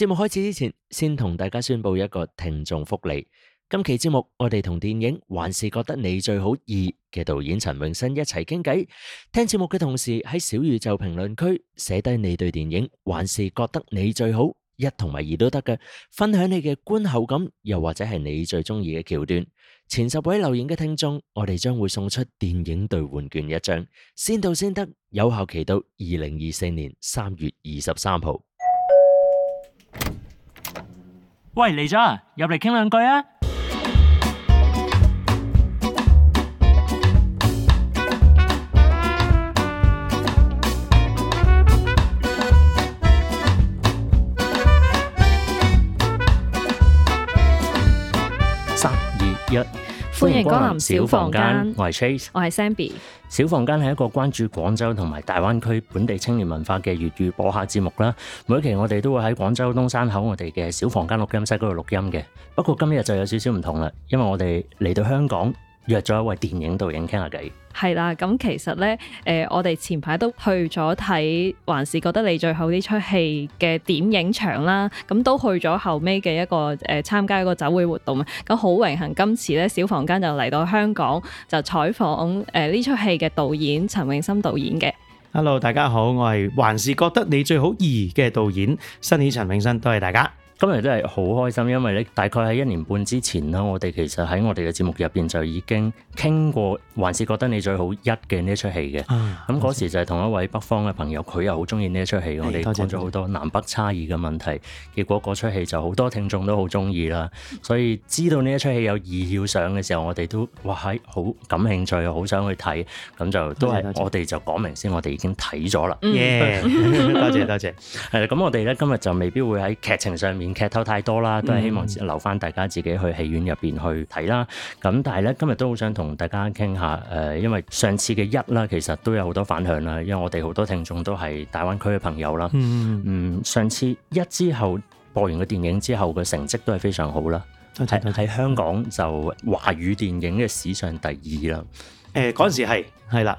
節目開始之前，先同大家宣布一個聽眾福利。今期節目，我哋同電影《還是覺得你最好二》嘅導演陳詠燊一齊傾偈。聽節目嘅同時，喺小宇宙評論區寫低你對電影《還是覺得你最好一》同埋二都得嘅，分享你嘅觀後感，又或者係你最中意嘅橋段。前十位留言嘅聽眾，我哋將會送出電影兌換券一張，先到先得，有效期到二零二四年三月二十三號。喂，嚟咗啊，入嚟傾兩句啊。三、二、一。歡迎光臨小房間，我係 Trace，我係 Zenbi，小房間係一個關注廣州同埋大灣區本地青年文化嘅粵語播客節目啦。每期我哋都會喺廣州東山口我哋嘅小房間錄音室嗰度錄音嘅。不過今日就有少少唔同啦，因為我哋嚟到香港。約咗一位電影導演傾下偈。係啦，咁其實咧，誒、呃，我哋前排都去咗睇《還是覺得你最好》呢出戲嘅點映場啦，咁、啊、都去咗後尾嘅一個誒、呃、參加一個酒會活動。咁好榮幸今次咧，小房間就嚟到香港就採訪誒呢出戲嘅導演陳詠燊導演嘅。Hello，大家好，我係《還是覺得你最好二》嘅導演 Sunny 陳詠燊，多謝大家。今日真係好開心，因為咧大概喺一年半之前啦，我哋其實喺我哋嘅節目入邊就已經傾過，還是覺得你最好一嘅呢出戲嘅。咁嗰、啊、時就係同一位北方嘅朋友，佢又好中意呢出戲，我哋講咗好多南北差異嘅問題。結果嗰出戲就好多聽眾都好中意啦，所以知道呢一出戲有二要上嘅時候，damit, drink, watch, 謝謝我哋都哇喺好感興趣，好想去睇，咁就都係我哋就講明先，我哋已經睇咗啦。耶、yeah.！多謝多謝。係啦，咁我哋咧今日就未必會喺劇情上面。劇透太多啦，都係希望留翻大家自己去戲院入邊去睇啦。咁但係咧，今日都好想同大家傾下誒、呃，因為上次嘅一啦，其實都有好多反響啦。因為我哋好多聽眾都係大灣區嘅朋友啦。嗯，嗯上次一之後播完個電影之後嘅成績都係非常好啦，喺喺香港就華語電影嘅史上第二啦。誒、呃，嗰陣時係係啦。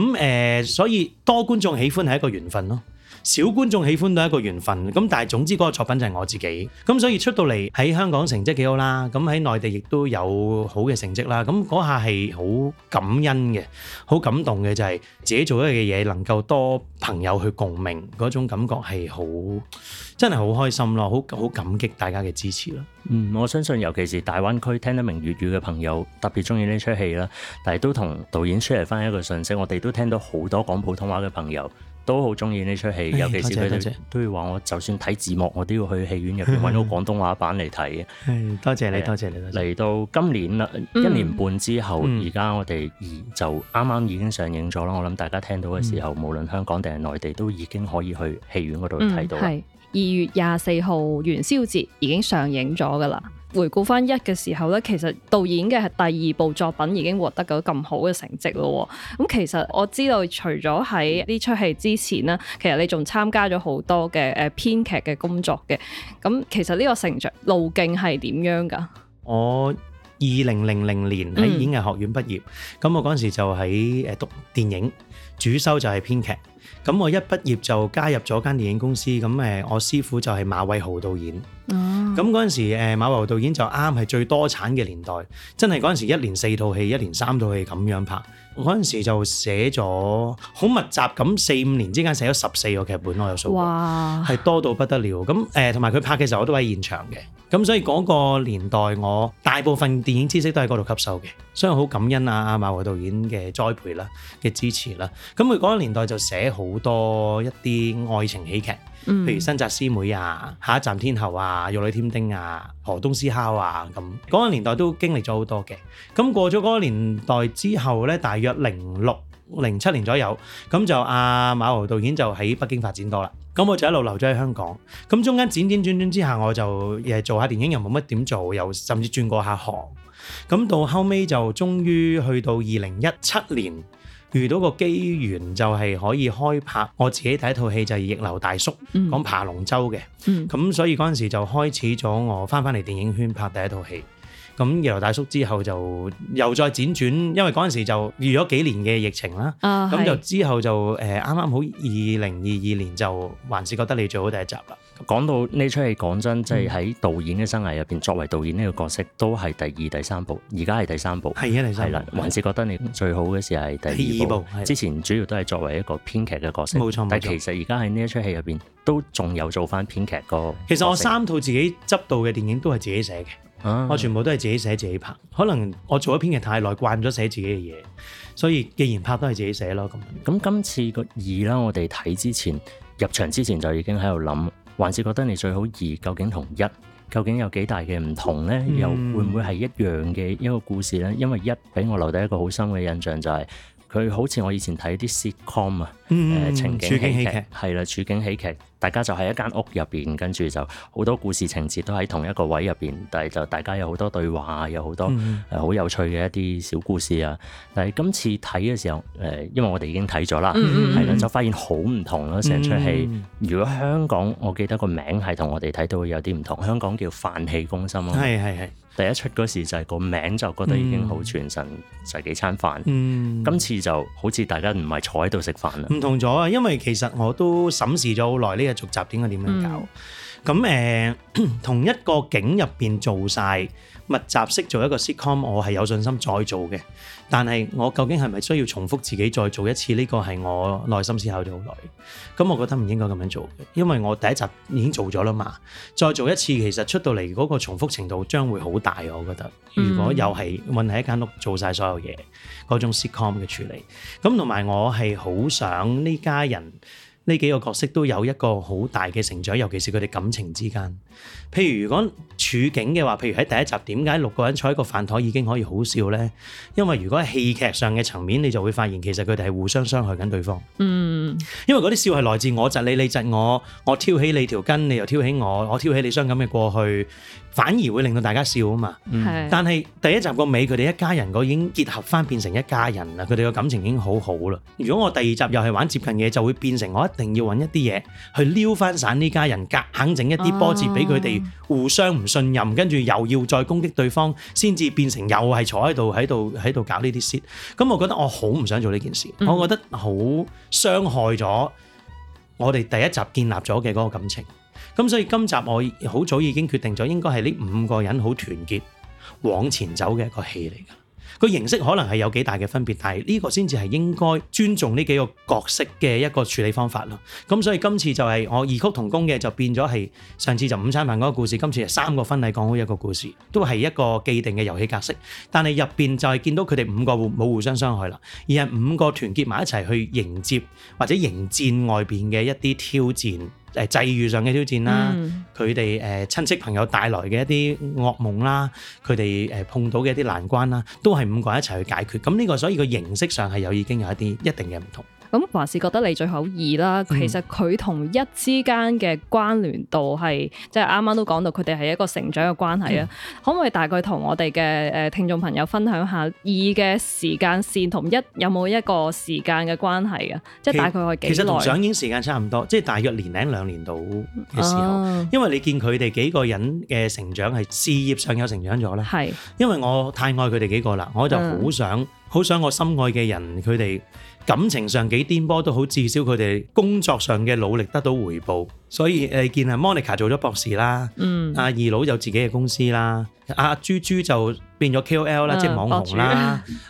咁誒、嗯，所以多觀眾喜歡係一個緣分咯。小觀眾喜歡到一個緣分，咁但係總之嗰個作品就係我自己，咁所以出到嚟喺香港成績幾好啦，咁喺內地亦都有好嘅成績啦，咁嗰下係好感恩嘅，好感動嘅就係自己做一樣嘢能夠多朋友去共鳴，嗰種感覺係好，真係好開心咯，好好感激大家嘅支持咯。嗯，我相信尤其是大灣區聽得明粵語嘅朋友特別中意呢出戲啦，但係都同導演 share 翻一個信息，我哋都聽到好多講普通話嘅朋友。都好中意呢出戲，尤其是佢哋都會話，我就算睇字幕，我都要去戲院入邊揾到廣東話版嚟睇。係 多謝你，多謝你，嚟到今年啦，一年半之後，而家、嗯、我哋二就啱啱已經上映咗啦。我諗大家聽到嘅時候，嗯、無論香港定係內地，都已經可以去戲院嗰度睇到。係二、嗯、月廿四號元宵節已經上映咗噶啦。回顧翻一嘅時候咧，其實導演嘅係第二部作品已經獲得咗咁好嘅成績咯。咁其實我知道除咗喺呢出戲之前呢，其實你仲參加咗好多嘅誒編劇嘅工作嘅。咁其實呢個成長路徑係點樣㗎？我二零零零年喺演藝學院畢業，咁、嗯、我嗰陣時就喺誒讀電影。主修就係編劇，咁我一畢業就加入咗間電影公司，咁誒我師傅就係馬偉豪導演，咁嗰陣時誒馬偉豪導演就啱啱係最多產嘅年代，真係嗰陣時一年四套戲，一年三套戲咁樣拍。嗰陣時就寫咗好密集咁，四五年之間寫咗十四個劇本咯，有數，係多到不得了。咁誒，同埋佢拍嘅時候我都喺現場嘅，咁所以嗰個年代我大部分電影知識都喺嗰度吸收嘅，所以好感恩啊啊馬華導演嘅栽培啦、嘅支持啦。咁佢嗰個年代就寫好多一啲愛情喜劇。譬如新紮師妹啊，下一站天后啊，玉女添丁啊，河東獅吼啊，咁嗰、嗰個年代都經歷咗好多嘅。咁過咗嗰個年代之後呢，大約零六、零七年左右，咁就阿、啊、馬豪導演就喺北京發展多啦。咁我就一路留咗喺香港。咁中間輾轉轉轉之下，我就誒做下電影又冇乜點做，又甚至轉過下行。咁到後尾，就終於去到二零一七年。遇到個機緣就係可以開拍，我自己第一套戲就係、是《逆流大叔》，講爬龍舟嘅。咁、嗯、所以嗰陣時就開始咗我返返嚟電影圈拍第一套戲。咁《逆流大叔》之後就又再輾轉，因為嗰陣時就遇咗幾年嘅疫情啦。咁、哦、就之後就誒啱啱好二零二二年就還是覺得你最好第一集啦。講到呢出戲，講真，即係喺導演嘅生涯入邊，作為導演呢個角色都係第二、第三部，而家係第三部。係啊，第三。係啦，還是覺得你最好嘅時係第二部。二部之前主要都係作為一個編劇嘅角色，冇錯冇錯，但其實而家喺呢一出戲入邊，都仲有做翻編劇個。其實我三套自己執導嘅電影都係自己寫嘅，啊、我全部都係自己寫自己拍。可能我做咗編劇太耐，慣咗寫自己嘅嘢，所以既然拍都係自己寫咯。咁咁今次個二啦，我哋睇之前入場之前就已經喺度諗。還是覺得你最好二，究竟同一，究竟有幾大嘅唔同呢？嗯、又會唔會係一樣嘅一個故事呢？因為一俾我留低一個好深嘅印象就係、是。佢好似我以前睇啲 sitcom 啊、嗯，誒情景喜劇，係啦，處境喜劇，喜劇喜劇大家就喺一間屋入邊，跟住就好多故事情節都喺同一個位入邊，但係就大家有好多對話，有好多誒好、嗯呃、有趣嘅一啲小故事啊。但係今次睇嘅時候，誒、呃，因為我哋已經睇咗啦，睇咗、嗯、就發現好唔同咯。成出戲，如果香港我記得個名係同我哋睇到有啲唔同，香港叫飯戲攻心》嗯。咯。係係係。第一出嗰時就係、是、個名就覺得已經好傳神，嗯、就係幾餐飯。嗯、今次就好似大家唔係坐喺度食飯啦。唔同咗啊，因為其實我都審視咗好耐呢個續集應該點樣搞。嗯。咁誒，同一個景入邊做曬密集式做一個 sitcom，我係有信心再做嘅。但係我究竟係咪需要重複自己再做一次呢個係我內心思考咗好耐。咁我覺得唔應該咁樣做，因為我第一集已經做咗啦嘛，再做一次其實出到嚟嗰個重複程度將會好大。我覺得，如果又係混喺一間屋做曬所有嘢嗰種 sitcom 嘅處理，咁同埋我係好想呢家人。呢幾個角色都有一個好大嘅成長，尤其是佢哋感情之間。譬如如果處境嘅話，譬如喺第一集，點解六個人坐喺個飯台已經可以好笑呢？因為如果喺戲劇上嘅層面，你就會發現其實佢哋係互相傷害緊對方。嗯，因為嗰啲笑係來自我窒你，你窒我，我挑起你條筋，你又挑起我，我挑起你傷感嘅過去。反而會令到大家笑啊嘛，但係第一集個尾佢哋一家人個已經結合翻變成一家人啦，佢哋個感情已經好好啦。如果我第二集又係玩接近嘢，就會變成我一定要揾一啲嘢去撩翻散呢家人，夾硬整一啲波折俾佢哋互相唔信任，跟住又要再攻擊對方，先至變成又係坐喺度喺度喺度搞呢啲事。咁我覺得我好唔想做呢件事，我覺得好傷害咗我哋第一集建立咗嘅嗰個感情。咁所以今集我好早已經決定咗，應該係呢五個人好團結往前走嘅一個戲嚟噶佢形式可能係有幾大嘅分別，但係呢個先至係應該尊重呢幾個角色嘅一個處理方法咯。咁所以今次就係我異曲同工嘅，就變咗係上次就五餐飯嗰個故事，今次三個婚禮講好一個故事，都係一個既定嘅遊戲格式。但係入邊就係見到佢哋五個互冇互相傷害啦，而係五個團結埋一齊去迎接或者迎戰外邊嘅一啲挑戰。誒際遇上嘅挑戰啦，佢哋誒親戚朋友帶來嘅一啲噩夢啦，佢哋誒碰到嘅一啲難關啦，都係五個人一齊去解決。咁呢個所以個形式上係有已經有一啲一定嘅唔同。咁還是覺得你最好二啦，其實佢同一之間嘅關聯度係，即係啱啱都講到佢哋係一個成長嘅關係啊。可唔可以大概同我哋嘅誒聽眾朋友分享下二嘅時間線同一有冇一個時間嘅關係啊？即係大概係幾？其實同上映時間差唔多，即係大約年零兩年度嘅時候，因為你見佢哋幾個人嘅成長係事業上有成長咗咧。係，因為我太愛佢哋幾個啦，我就好想好想我深愛嘅人佢哋。感情上幾顛簸都好，至少佢哋工作上嘅努力得到回報，所以誒見啊 Monica 做咗博士啦，嗯，阿二佬有自己嘅公司啦，阿豬豬就變咗 KOL 啦，即係網紅啦。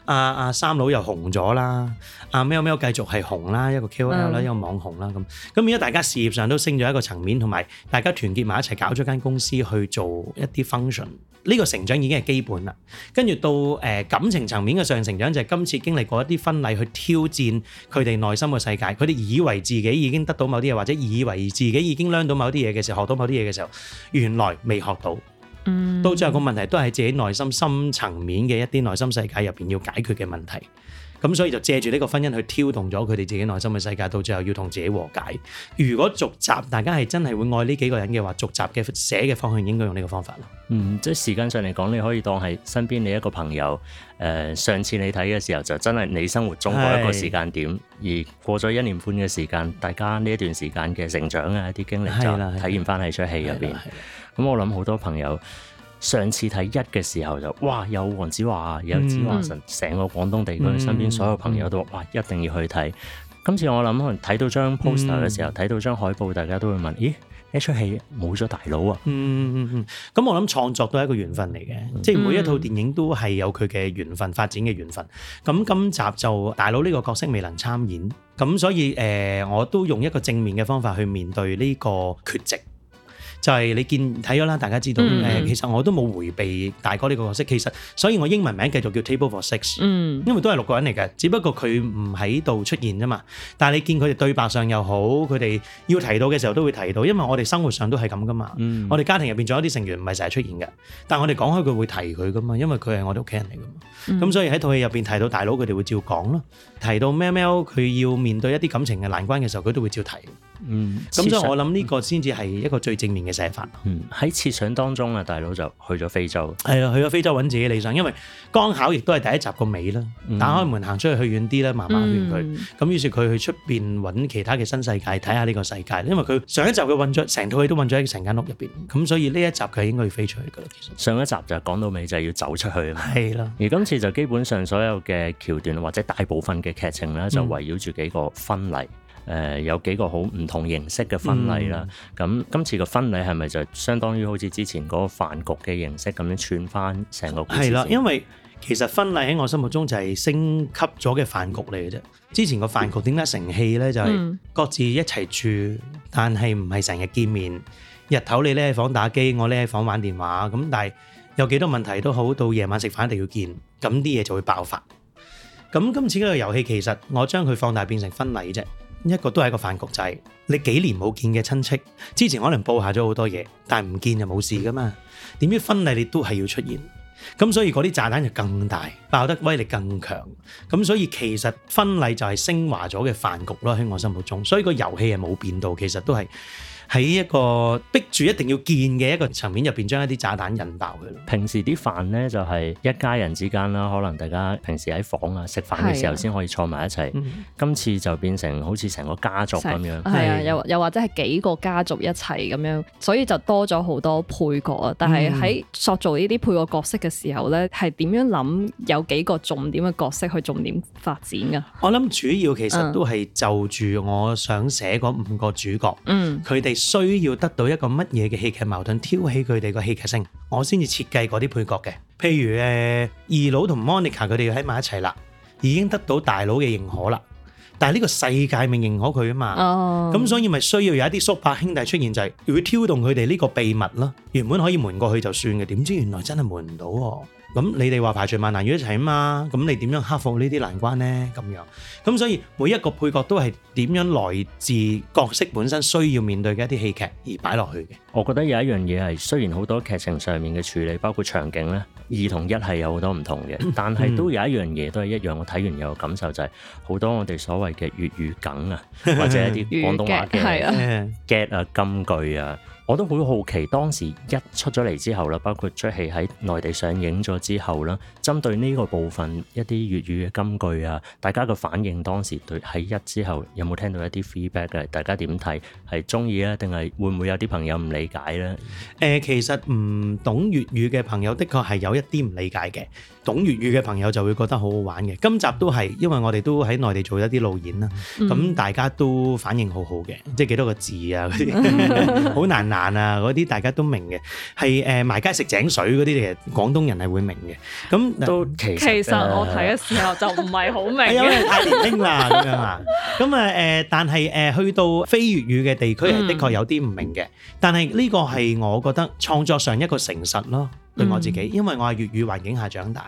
阿阿、啊啊、三佬又紅咗啦。阿喵喵 l Mel 繼續係紅啦，一個 KOL 啦、嗯，一個網紅啦。咁咁而家大家事業上都升咗一個層面，同埋大家團結埋一齊搞咗間公司去做一啲 function。呢、呢個成長已經係基本啦。跟住到誒感情層面嘅上成長就係、係、今次經歷過一啲婚禮去挑戰佢哋內心嘅世界。佢哋以為自己已經得到某啲嘢，或者以為自己已經 learn 到某啲嘢嘅時候，學到某啲嘢嘅時候，原來未學到。到最後個問題都係自己內心深層面嘅一啲內心世界入邊要解決嘅問題。咁所以就借住呢個婚姻，去挑動咗佢哋自己內心嘅世界，到最後要同自己和解。如果續集大家係真係會愛呢幾個人嘅話，續集嘅寫嘅方向應該用呢個方法咯。嗯，即係時間上嚟講，你可以當係身邊你一個朋友。誒、呃，上次你睇嘅時候就真係你生活中嗰一個時間點，係嘅。而過咗一年半嘅時間，大家呢一段時間嘅成長啊，一啲經歷就體驗翻喺出戲入邊。咁我諗好多朋友。上次睇一嘅時候就哇有黃子華啊有子華神，成個廣東地區、嗯、身邊所有朋友都哇一定要去睇。今次我諗可能睇到張 poster 嘅時候睇、嗯、到張海報，大家都會問咦，呢出戲冇咗大佬啊、嗯？嗯咁、嗯、我諗創作都係一個緣分嚟嘅，嗯、即係每一套電影都係有佢嘅緣分發展嘅緣分。咁今集就大佬呢個角色未能參演，咁所以誒、呃、我都用一個正面嘅方法去面對呢個缺席。就係你見睇咗啦，大家知道、嗯呃、其實我都冇迴避大哥呢個角色。其實，所以我英文名繼續叫 Table for Six、嗯、因為都係六個人嚟嘅，只不過佢唔喺度出現啫嘛。但係你見佢哋對白上又好，佢哋要提到嘅時候都會提到，因為我哋生活上都係咁噶嘛。嗯、我哋家庭入邊仲有啲成員唔係成日出現嘅，但係我哋講開佢會提佢噶嘛，因為佢係我哋屋企人嚟噶嘛。咁、嗯、所以喺套戲入邊提到大佬，佢哋會照講咯。提到咩咩，佢要面對一啲感情嘅難關嘅時候，佢都會照提。嗯，咁所以我諗呢個先至係一個最正面嘅寫法。嗯，喺設想當中啊，大佬就去咗非洲。係啦，去咗非洲揾自己理想，因為剛巧亦都係第一集個尾啦。打開門行出去，去遠啲啦，慢慢遠佢。咁於、嗯、是佢去出邊揾其他嘅新世界，睇下呢個世界。因為佢上一集佢困咗，成套戲都困咗喺成間屋入邊。咁所以呢一集佢應該要飛出去噶啦。其實上一集就講到尾就係要走出去係啦，的而今次就基本上所有嘅橋段或者大部分嘅劇情咧，就圍繞住幾個婚禮。嗯誒、呃、有幾個好唔同形式嘅婚禮啦，咁、嗯、今次嘅婚禮係咪就相當於好似之前嗰個飯局嘅形式咁樣串翻成個？係啦，因為其實婚禮喺我心目中就係升級咗嘅飯局嚟嘅啫。之前個飯局點解成氣呢？就係、是、各自一齊住，但係唔係成日見面。日頭你咧喺房打機，我咧喺房玩電話咁，但係有幾多問題都好，到夜晚食飯一定要見，咁啲嘢就會爆發。咁今次嗰個遊戲其實我將佢放大變成婚禮啫。一個都係一個飯局仔，你幾年冇見嘅親戚，之前可能報下咗好多嘢，但係唔見就冇事噶嘛。點知婚禮你都係要出現，咁所以嗰啲炸彈就更大，爆得威力更強。咁所以其實婚禮就係升華咗嘅飯局咯，喺我心目中，所以個遊戲係冇變到，其實都係。喺一個逼住一定要見嘅一個層面入邊，將一啲炸彈引爆佢。平時啲飯呢，就係、是、一家人之間啦，可能大家平時喺房啊食飯嘅時候先可以坐埋一齊。的嗯、今次就變成好似成個家族咁樣，係啊，又又或者係幾個家族一齊咁樣，所以就多咗好多配角啊。但係喺塑造呢啲配角角色嘅時候呢，係點、嗯、樣諗有幾個重點嘅角色去重點發展㗎？我諗主要其實都係就住我想寫嗰五個主角，嗯，佢哋。需要得到一個乜嘢嘅戲劇矛盾挑起佢哋個戲劇性，我先至設計嗰啲配角嘅。譬如誒、欸，二佬同 Monica 佢哋要喺埋一齊啦，已經得到大佬嘅認可啦，但係呢個世界未認可佢啊嘛。哦，咁所以咪需要有一啲叔伯兄弟出現，就係、是、會挑動佢哋呢個秘密咯。原本可以瞞過去就算嘅，點知原來真係瞞唔到、啊。咁你哋話排除萬難要一齊啊嘛，咁你點樣克服呢啲難關呢？咁樣，咁所以每一個配角都係點樣來自角色本身需要面對嘅一啲戲劇而擺落去嘅。我覺得有一樣嘢係，雖然好多劇情上面嘅處理，包括場景咧，二同一係有好多唔同嘅，但係都有一樣嘢都係一樣。我睇完有個感受就係、是、好多我哋所謂嘅粵語梗啊，或者一啲廣東話嘅、 梗啊、get 啊金句啊。我都好好奇，當時一出咗嚟之後啦，包括出戲喺內地上映咗之後啦，針對呢個部分一啲粵語嘅金句啊，大家嘅反應當時對喺一之後有冇聽到一啲 feedback 嘅？大家點睇？係鍾意咧，定係會唔會有啲朋友唔理解呢？誒，其實唔懂粵語嘅朋友，的確係有一啲唔理解嘅。懂粵語嘅朋友就會覺得好好玩嘅，今集都係因為我哋都喺內地做一啲路演啦，咁、嗯、大家都反應好好嘅，即係幾多個字啊嗰啲，好 難難啊嗰啲大家都明嘅，係誒賣街食井水嗰啲嘅廣東人係會明嘅，咁都其實、呃、其實我睇嘅時候就唔係好明，因為、 哎呃、太年輕啦咁 樣啊，咁啊誒，但係誒、呃、去到非粵語嘅地區係的確有啲唔明嘅，嗯、但係呢個係我覺得創作上一個誠實咯。對我自己，因為我喺粵語環境下長大，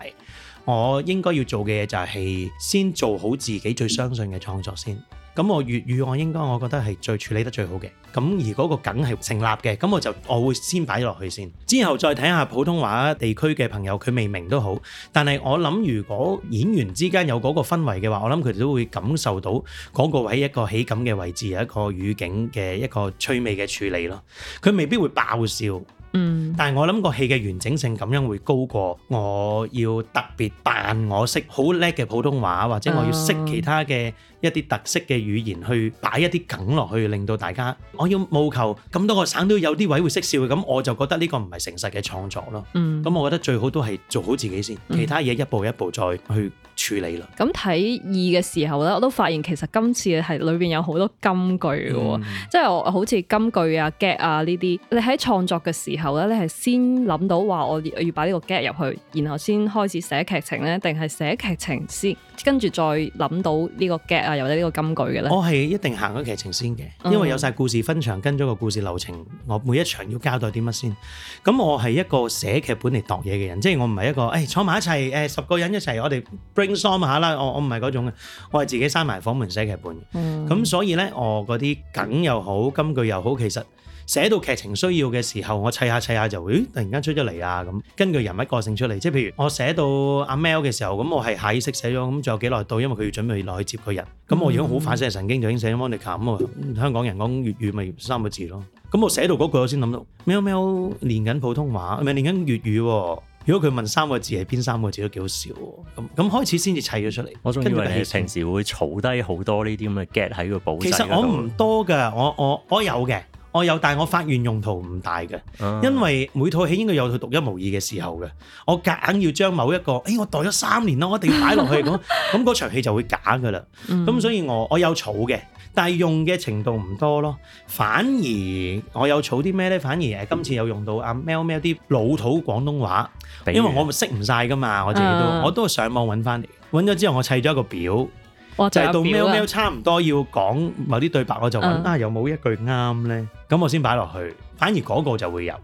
我應該要做嘅嘢就係先做好自己最相信嘅創作先。咁我粵語我應該我覺得係最處理得最好嘅。咁而嗰個梗係成立嘅，咁我就我會先擺落去先，之後再睇下普通話地區嘅朋友佢未明都好。但係我諗如果演員之間有嗰個氛圍嘅話，我諗佢哋都會感受到嗰個位一個喜感嘅位置，有一個語境嘅一個趣味嘅處理咯。佢未必會爆笑，嗯。但係我諗個戲嘅完整性咁樣會高過我要特別扮我識好叻嘅普通話，或者我要識其他嘅一啲特色嘅語言去擺一啲梗落去，令到大家我要務求咁多個省都有啲位會識笑，咁我就覺得呢個唔係誠實嘅創作咯。嗯，咁我覺得最好都係做好自己先，其他嘢一步一步再去處理啦。咁睇、嗯、二嘅時候呢，我都發現其實今次係裏邊有好多金句嘅，嗯、即係好似金句啊、gag 啊呢啲，你喺創作嘅時候呢，你係。係先諗到話我我要擺呢個 get 入去，然後先開始寫劇情咧，定係寫劇情先，跟住再諗到呢個 get 啊，或者呢個金句嘅咧？我係一定行咗劇情先嘅，因為有晒故事分場，跟咗個故事流程，我每一場要交代啲乜先。咁我係一個寫劇本嚟度嘢嘅人，即係我唔係一個誒坐埋一齊誒十個人一齊我哋 brainstorm 下啦。我我唔係嗰種啊，我係自己閂埋房門寫劇本嘅。咁所以咧，我嗰啲梗又好，金句又好，其實。寫到劇情需要嘅時候，我砌下砌下就會，突然間出咗嚟啊咁，根據人物個性出嚟。即係譬如我寫到阿 Mel 嘅時候，咁我係下意識寫咗，咁仲有幾耐到，因為佢要準備落去接佢人。咁、嗯、我如果好反射神經就已經寫咗 Monica 啊。香港人講粵語咪三個字咯。咁我寫到嗰句我先諗到 Mel，Mel 練緊普通話，唔係練緊粵語。如果佢問三個字係邊三個字都幾好笑。咁咁開始先至砌咗出嚟。我仲以為平時會儲低好多呢啲咁嘅 get 喺個補。其實我唔多㗎，我我我有嘅。我有，但係我發現用途唔大嘅，因為每套戲應該有佢獨一無二嘅時候嘅。我夾硬要將某一個，誒、欸、我待咗三年咯，我一定要擺落去咁，咁嗰 場戲就會假噶啦。咁、嗯、所以我，我我有儲嘅，但係用嘅程度唔多咯。反而我有儲啲咩咧？反而誒，今次有用到阿 m e 啲老土廣東話，因為我識唔晒噶嘛，嗯、我自己都我都上網揾翻嚟，揾咗之後我砌咗一個表。就係到喵喵差唔多要講某啲對白，我就問：嗯、啊，有冇一句啱咧？咁我先擺落去。反而嗰個就會有，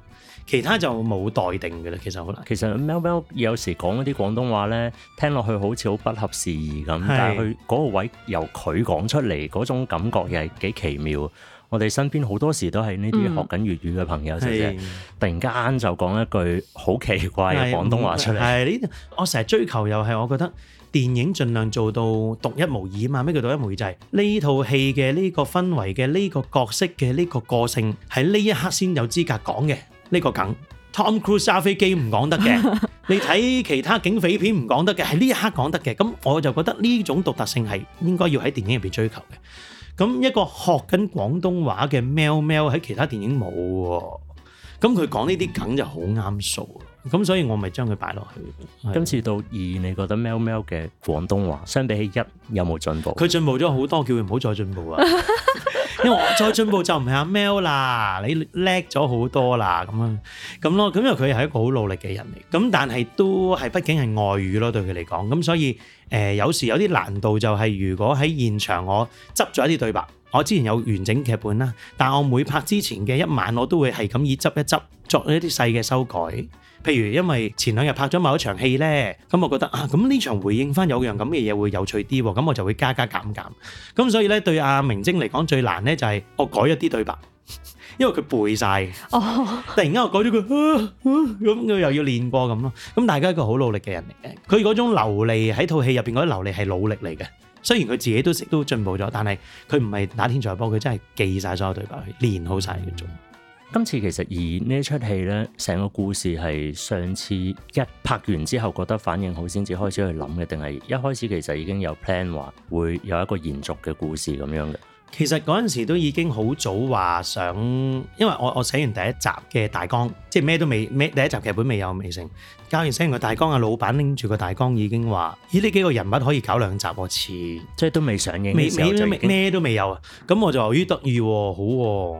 其他就冇待定嘅啦。其實，其實喵喵有時講嗰啲廣東話咧，聽落去好似好不合時宜咁，但係佢嗰個位由佢講出嚟嗰種感覺又係幾奇妙。我哋身邊好多時都係呢啲學緊粵語嘅朋友先嘅，嗯、的突然間就講一句好奇怪嘅廣東話出嚟。係，我成日追求又係，我覺得。電影盡量做到獨一無二啊嘛，咩叫獨一無二？就係呢套戲嘅呢個氛圍嘅呢個角色嘅呢個個性喺呢一刻先有資格講嘅呢個梗。Tom Cruise 揸飛機唔講得嘅， 你睇其他警匪片唔講得嘅，喺呢一刻講得嘅。咁我就覺得呢種獨特性係應該要喺電影入邊追求嘅。咁一個學緊廣東話嘅 Mel Mel 喺其他電影冇，咁佢講呢啲梗就好啱數。嗯咁所以，我咪將佢擺落去。今次到二，你覺得 Mel Mel 嘅廣東話相比起一，有冇進步？佢進步咗好多，叫佢唔好再進步啊！因為我再進步就唔係阿 Mel 啦，你叻咗好多啦，咁樣，咁咯。咁因為佢係一個好努力嘅人嚟，咁但係都係畢竟係外語咯，對佢嚟講。咁所以，誒有時有啲難度就係，如果喺現場我執咗一啲對白，我之前有完整劇本啦，但係我每拍之前嘅一晚，我都會係咁以執一執，作一啲細嘅修改。譬如因為前兩日拍咗某一場戲咧，咁我覺得啊，咁呢場回應翻有樣咁嘅嘢會有趣啲，咁我就會加加減減。咁所以咧對阿明晶嚟講最難咧就係我改一啲對白，因為佢背晒，哦！突然間我改咗佢，咁、呃、佢、呃呃呃、又要練過咁咯。咁大家一個好努力嘅人嚟嘅，佢嗰種流利喺套戲入邊嗰啲流利係努力嚟嘅。雖然佢自己都識都進步咗，但係佢唔係打天才波，佢真係記晒所有對白，練好晒嘅種。今次其實而呢一出戲呢，成個故事係上次一拍完之後覺得反應好先至開始去諗嘅，定係一開始其實已經有 plan 話會有一個延續嘅故事咁樣嘅。其實嗰陣時都已經好早話想，因為我我寫完第一集嘅大綱，即係咩都未咩第一集劇本未有未成，交完寫完個大綱嘅老闆拎住個大綱已經話：咦呢幾個人物可以搞兩集喎？似即係都未上映未，未未咩都未有。啊。」咁我就話：於得意喎，好、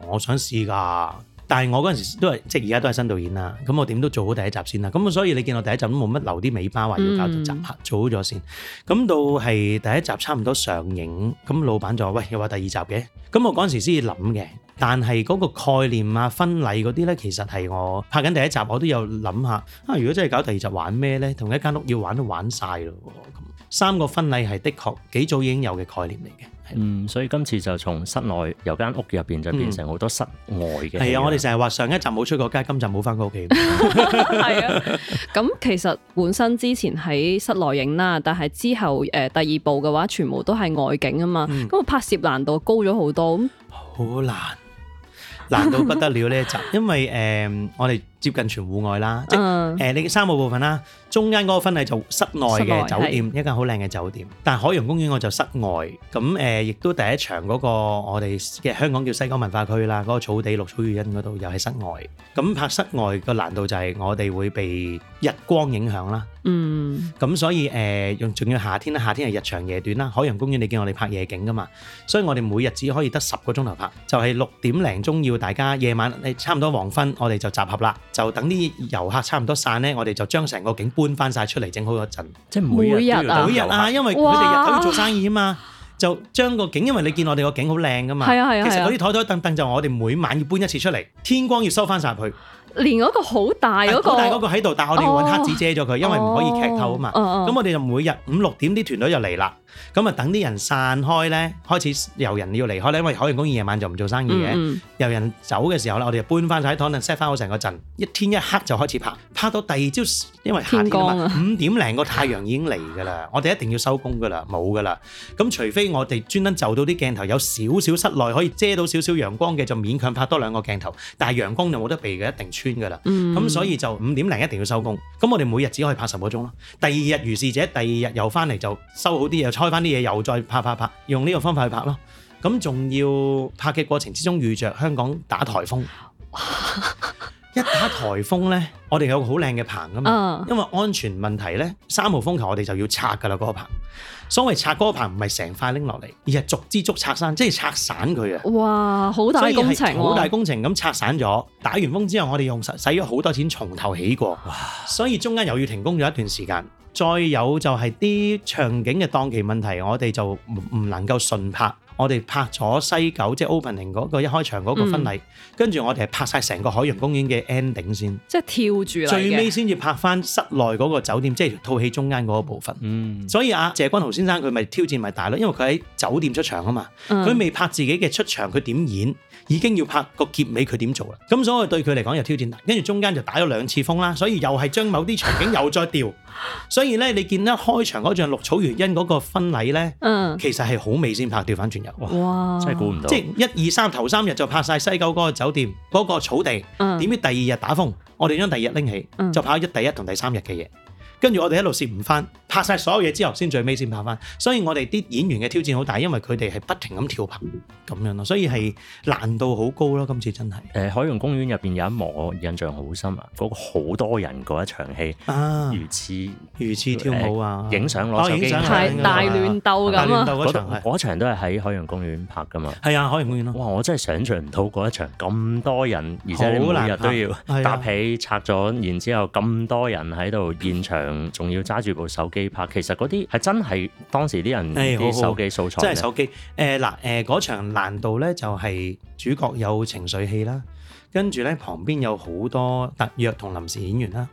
啊，我想試㗎。但係我嗰陣時都係即係而家都係新導演啦，咁我點都做好第一集先啦，咁所以你見我第一集都冇乜留啲尾巴話要搞第二集，做好咗先。咁到係第一集差唔多上映，咁老闆就話：喂，又話第二集嘅。咁我嗰陣時先至諗嘅，但係嗰個概念啊、婚禮嗰啲咧，其實係我拍緊第一集，我都有諗下啊。如果真係搞第二集玩咩咧？同一間屋要玩都玩曬咯。咁三個婚禮係的確幾早已經有嘅概念嚟嘅。嗯，所以今次就從室內由間屋入邊就變成好多室外嘅。係啊、嗯哎，我哋成日話上一集冇出過街，今集冇翻過屋企。係 啊，咁其實本身之前喺室內影啦，但係之後誒第二部嘅話，全部都係外景啊嘛。咁啊、嗯嗯、拍攝難度高咗好多。好難，難到不得了呢一集，因為誒、嗯、我哋。接近全戶外啦，即係誒、uh, 呃、你三個部分啦，中間嗰個分係做室內嘅酒店，一間好靚嘅酒店。但係海洋公園我就室外，咁誒、呃、亦都第一場嗰個我哋嘅香港叫西九文化區啦，嗰、那個草地綠草如茵嗰度又係室外。咁拍室外個難度就係我哋會被日光影響啦。嗯，咁所以誒用仲要夏天啦，夏天係日長夜短啦。海洋公園你見我哋拍夜景㗎嘛，所以我哋每日只可以得十個鐘頭拍，就係、是、六點零鐘要大家夜晚你差唔多黃昏，我哋就集合啦。就等啲遊客差唔多散咧，我哋就將成個景搬翻晒出嚟，整好嗰陣。即係每日啊，每日啊，因為佢哋日頭要做生意啊嘛，哇就將個景，因為你見我哋個景好靚噶嘛。係啊係啊，啊啊其實嗰啲台台凳凳就我哋每晚要搬一次出嚟，天光要收翻晒佢，去。連嗰個好大嗰、嗰個大嗰喺度，但係我哋要揾黑紙遮咗佢，哦、因為唔可以劇透啊嘛。咁、哦、我哋就每日五六點啲團隊就嚟啦。咁啊，等啲人散開咧，開始遊人要離開咧，因為海洋公園夜晚就唔做生意嘅。遊人走嘅時候咧，我哋就搬翻曬台燈 set 翻好成個陣，一天一刻就開始拍，拍到第二朝，因為夏天啊嘛，五點零個太陽已經嚟噶啦，我哋一定要收工噶啦，冇噶啦。咁除非我哋專登就到啲鏡頭有少少室內可以遮到少少陽光嘅，就勉強拍多兩個鏡頭。但係陽光就冇得避嘅，一定穿噶啦。咁所以就五點零一定要收工。咁我哋每日只可以拍十個鐘咯。第二日如是者，第二日又翻嚟就收好啲嘢。開翻啲嘢，又再拍拍拍，用呢個方法去拍咯。咁仲要拍嘅過程之中遇着，香港打台風， 一打台風呢，我哋有個好靚嘅棚噶嘛。Uh, 因為安全問題呢，三號風球我哋就要拆噶啦嗰個棚。所謂拆嗰個棚唔係成塊拎落嚟，而係逐支逐拆，拆散，即係拆散佢啊。哇，好大工程，啊，好大工程咁拆散咗。打完風之後，我哋用使咗好多錢從頭起過，所以中間又要停工咗一段時間。再有就係啲場景嘅檔期問題，我哋就唔能夠順拍。我哋拍咗西九即係 opening 嗰個一開場嗰個婚禮，跟住、嗯、我哋係拍晒成個海洋公園嘅 ending 先，即係跳住，最尾先至拍翻室內嗰個酒店，即係套戲中間嗰個部分。嗯、所以阿、啊、謝君豪先生佢咪挑戰咪大咯，因為佢喺酒店出場啊嘛，佢未拍自己嘅出場，佢點演？嗯已經要拍個結尾，佢點做啦？咁所以對佢嚟講有挑戰啦，跟住中間就打咗兩次風啦，所以又係將某啲場景又再調。所以呢，你見一開場嗰陣綠草如茵嗰個婚禮呢，嗯、其實係好尾先拍，調返轉頭，哇，哇真係估唔到，即係一二三頭三日就拍晒西九嗰個酒店嗰個草地，嗯，點知第二日打風，我哋將第二日拎起，就拍一第一同第三日嘅嘢。跟住我哋一路攝唔翻，拍晒所有嘢之後，先最尾先拍翻。所以我哋啲演員嘅挑戰好大，因為佢哋係不停咁跳拍。咁樣咯，所以係難度好高咯。今次真係。誒、欸，海洋公園入邊有一幕我印象好深啊，嗰、那、好、個、多人嗰一場戲啊，魚翅魚翅跳舞啊，影相攞手機，大、哦、大亂鬥咁啊！嗰、啊、場,場都係喺海洋公園拍㗎嘛？係啊，海洋公園、啊、哇，我真係想象唔到嗰一場咁多人，而且你每日都要搭起、啊、拆咗，然之後咁多人喺度現場。 仲要揸住部手機拍，其實嗰啲係真係當時啲人啲手機素材、哎好好。真係手機。誒嗱、呃，誒、呃、嗰場難度咧就係、是、主角有情緒戲啦，跟住咧旁邊有好多特約同臨時演員啦。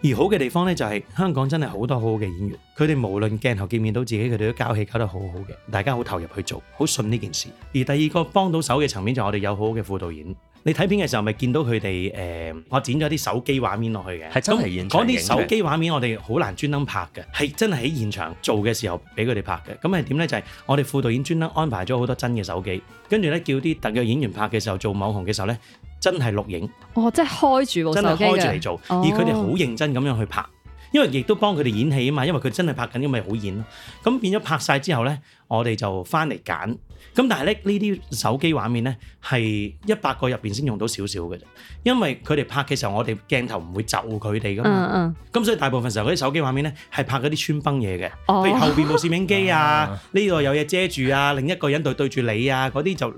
而好嘅地方咧就係、是、香港真係好多好好嘅演員，佢哋無論鏡頭見唔見到自己，佢哋都交戲交得好好嘅，大家好投入去做，好信呢件事。而第二個幫到手嘅層面就係我哋有好好嘅副導演。你睇片嘅時候咪見到佢哋誒，我剪咗啲手機畫面落去嘅。咁嗰啲手機畫面我哋好難專登拍嘅，係真係喺現場做嘅時候俾佢哋拍嘅。咁係點咧？就係、係、我哋副導演專登安排咗好多真嘅手機，跟住咧叫啲特約演員拍嘅時候做網紅嘅時候咧，真係錄影。哦，即係開住部手機真係開住嚟做，而佢哋好認真咁樣去拍，因為亦都幫佢哋演戲啊嘛。因為佢真係拍緊，咁咪好演咯。咁變咗拍晒之後咧，我哋就翻嚟揀。咁但係咧，呢啲手機畫面咧係一百個入邊先用到少少嘅啫，因為佢哋拍嘅時候，我哋鏡頭唔會就佢哋噶嘛。嗯嗯。咁所以大部分時候嗰啲手機畫面咧係拍嗰啲穿崩嘢嘅，譬如後邊部攝影機啊，呢度有嘢遮住啊，另一個人對對住你啊，嗰啲就誒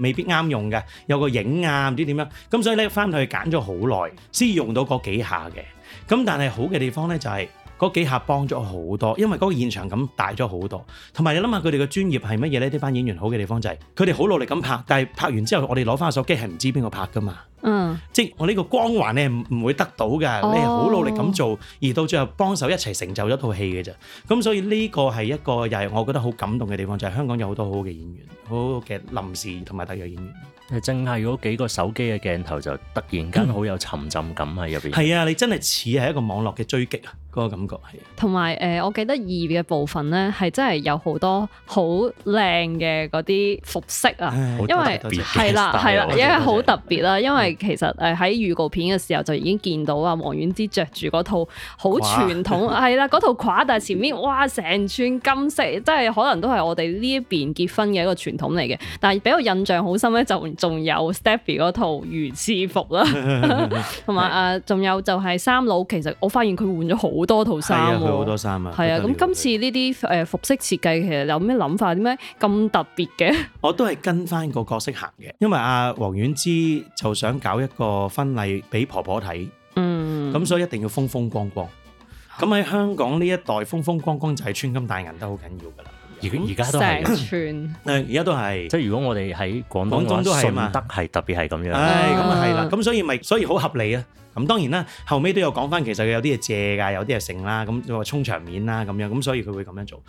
未必啱用嘅，有個影啊唔知點樣。咁所以咧翻去揀咗好耐，先用到嗰幾下嘅。咁但係好嘅地方咧就係，嗰幾下幫咗好多，因為嗰個現場感大咗好多，同埋你諗下佢哋嘅專業係乜嘢呢？呢班演員好嘅地方就係佢哋好努力咁拍，但係拍完之後我哋攞翻個手機係唔知邊個拍噶嘛？嗯，即係我呢個光環咧唔唔會得到噶，哦、你係好努力咁做，而到最後幫手一齊成就咗套戲嘅啫。咁所以呢個係一個又係我覺得好感動嘅地方，就係、是、香港有好多好好嘅演員，好好嘅臨時同埋特約演員。誒，淨係嗰幾個手機嘅鏡頭就突然間好有沉浸感喺入邊。係啊，你、 嗯、真係似係一個網絡嘅追擊啊，嗰個感覺係。同埋誒，我記得二嘅部分咧，係真係有好多好靚嘅嗰啲服飾啊，唉因為係啦係啦，因為好特別啦，因為其實誒喺預告片嘅時候就已經見到啊，王菀之着住嗰套好傳統係呦 啦嗰套褂，但係、呃、前面哇成串金色，即係可能都係我哋呢一邊結婚嘅一個傳統嚟嘅，但係俾我印象好深咧就。仲有 Stephy 嗰套魚翅服啦，同埋誒，仲有就係三佬。其實我發現佢換咗好多套衫喎，好多衫啊。係啊，咁今次呢啲誒服飾設計其實有咩諗法？點解咁特別嘅？我都係跟翻個角色行嘅，因為阿黃婉之就想搞一個婚禮俾婆婆睇，嗯，咁所以一定要風風光光。咁喺香港呢一代風風光光就係穿金戴銀都好緊要噶啦。而家都係而家都係， 即係如果我哋喺廣廣東都係嘛，順德係特別係咁樣。誒咁、哎、啊係啦，咁所以咪所以好合理啊。咁當然啦，後尾都有講翻，其實佢有啲嘢借㗎，有啲嘢成啦，咁你話充場面啦、啊、咁樣，咁所以佢會咁樣做。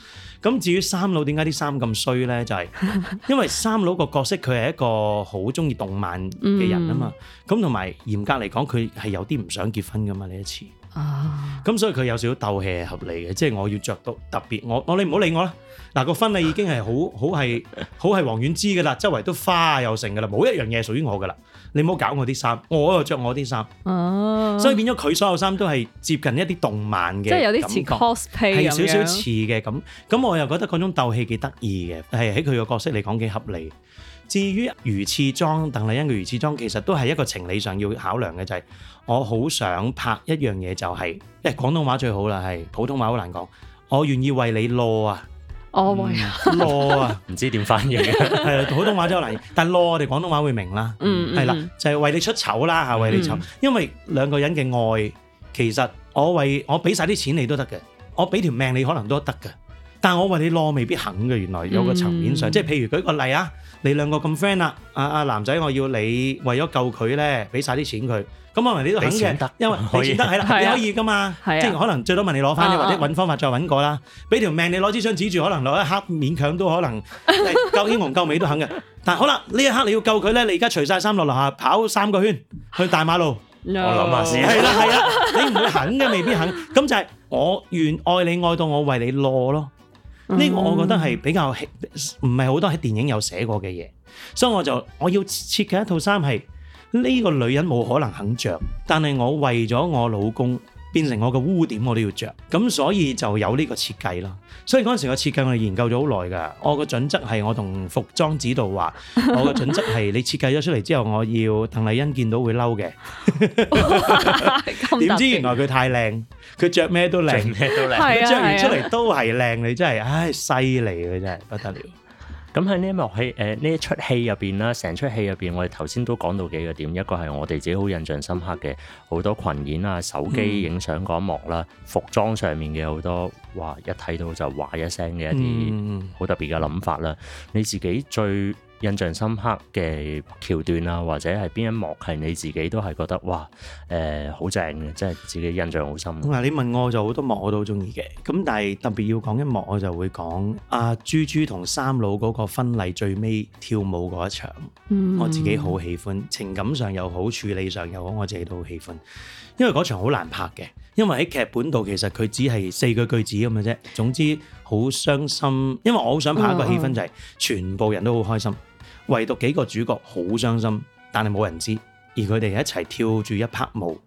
咁至於三佬點解啲衫咁衰咧？就係、是、因為三佬個角色佢係一個好中意動漫嘅人啊嘛。咁同埋嚴格嚟講，佢係有啲唔想結婚㗎嘛，呢一次。啊！咁所以佢有少少鬥氣係合理嘅，即係我要着到特別，我我你唔好理我啦。嗱個婚禮已經係 好好係好係王菀之嘅啦，周圍都花又剩嘅啦，冇一樣嘢屬於我嘅啦。你唔好搞我啲衫，我又着我啲衫。哦、啊，所以變咗佢所有衫都係接近一啲動漫嘅，即係有啲似 cosplay 咁樣，係少少似嘅咁。咁樣我又覺得嗰種鬥氣幾得意嘅，係喺佢個角色嚟講幾合理。至於魚翅裝，鄧麗欣嘅魚翅裝，其實都係一個情理上要考量嘅，就係我好想拍一樣嘢，就係誒廣東話最好啦，係普通話好難講。我願意為你攞啊，我為攞啊，唔知點反應，係啦，普通話真係好難。但攞我哋廣東話會明啦，嗯，係啦，就係為你出醜啦，嚇為你醜，因為兩個人嘅愛，其實我為我俾曬啲錢你都得嘅，我俾條命你可能都得嘅，但我為你攞未必肯嘅。原來有個層面上，即係譬如舉個例啊。你兩個咁 friend 啦，阿阿男仔，我要你為咗救佢咧，俾曬啲錢佢。咁我問你都肯嘅，因為俾錢得係啦，你可以噶嘛。即係可能最多問你攞翻，或者揾方法再揾過啦。俾條命你攞支槍指住，可能攞一刻勉強都可能夠英雄夠美都肯嘅。但係好啦，呢一刻你要救佢咧，你而家除曬衫落樓下跑三個圈去大馬路。我諗下先，係啦係啦，你唔會肯嘅，未必肯。咁就係我願愛你愛到我為你落咯。呢個我覺得係比較唔係好多喺電影有寫過嘅嘢，所以我就我要設計一套衫係呢個女人冇可能肯著，但係我為咗我老公。變成我個污點，我都要著，咁所以就有呢個設計咯。所以嗰陣時個設計我哋研究咗好耐㗎。我個準則係我同服裝指導話，我個準則係你設計咗出嚟之後，我要鄧麗欣見到會嬲嘅。點知原來佢太靚，佢著咩都靚，咩都靚，著完出嚟都係靚。你真係，唉，犀利㗎真係，不得了。咁喺呢一幕、呃、戲，誒呢一出戲入邊啦，成出戲入邊，我哋頭先都講到幾個點，一個係我哋自己好印象深刻嘅好多群演啊，手機影相嗰一幕啦，嗯、服裝上面嘅好多，哇！一睇到就哇一聲嘅一啲好特別嘅諗法啦，嗯、你自己最印象深刻嘅橋段啊，或者係邊一幕係你自己都係覺得哇誒好正嘅，即、呃、係自己印象好深。嗱、嗯，你問我就好多幕我都好中意嘅，咁但係特別要講一幕，我就會講阿豬豬同三老嗰個婚禮最尾跳舞嗰一場，我自己好喜歡，情感上又好，處理上又好，我自己都好喜歡。因為嗰場好難拍嘅，因為喺劇本度其實佢只係四個句,句子咁嘅啫。總之好傷心，因為我好想拍一個氣氛就係全部人都好開心。唯獨幾個主角好傷心，但係冇人知，而佢哋一齊跳住一拍舞，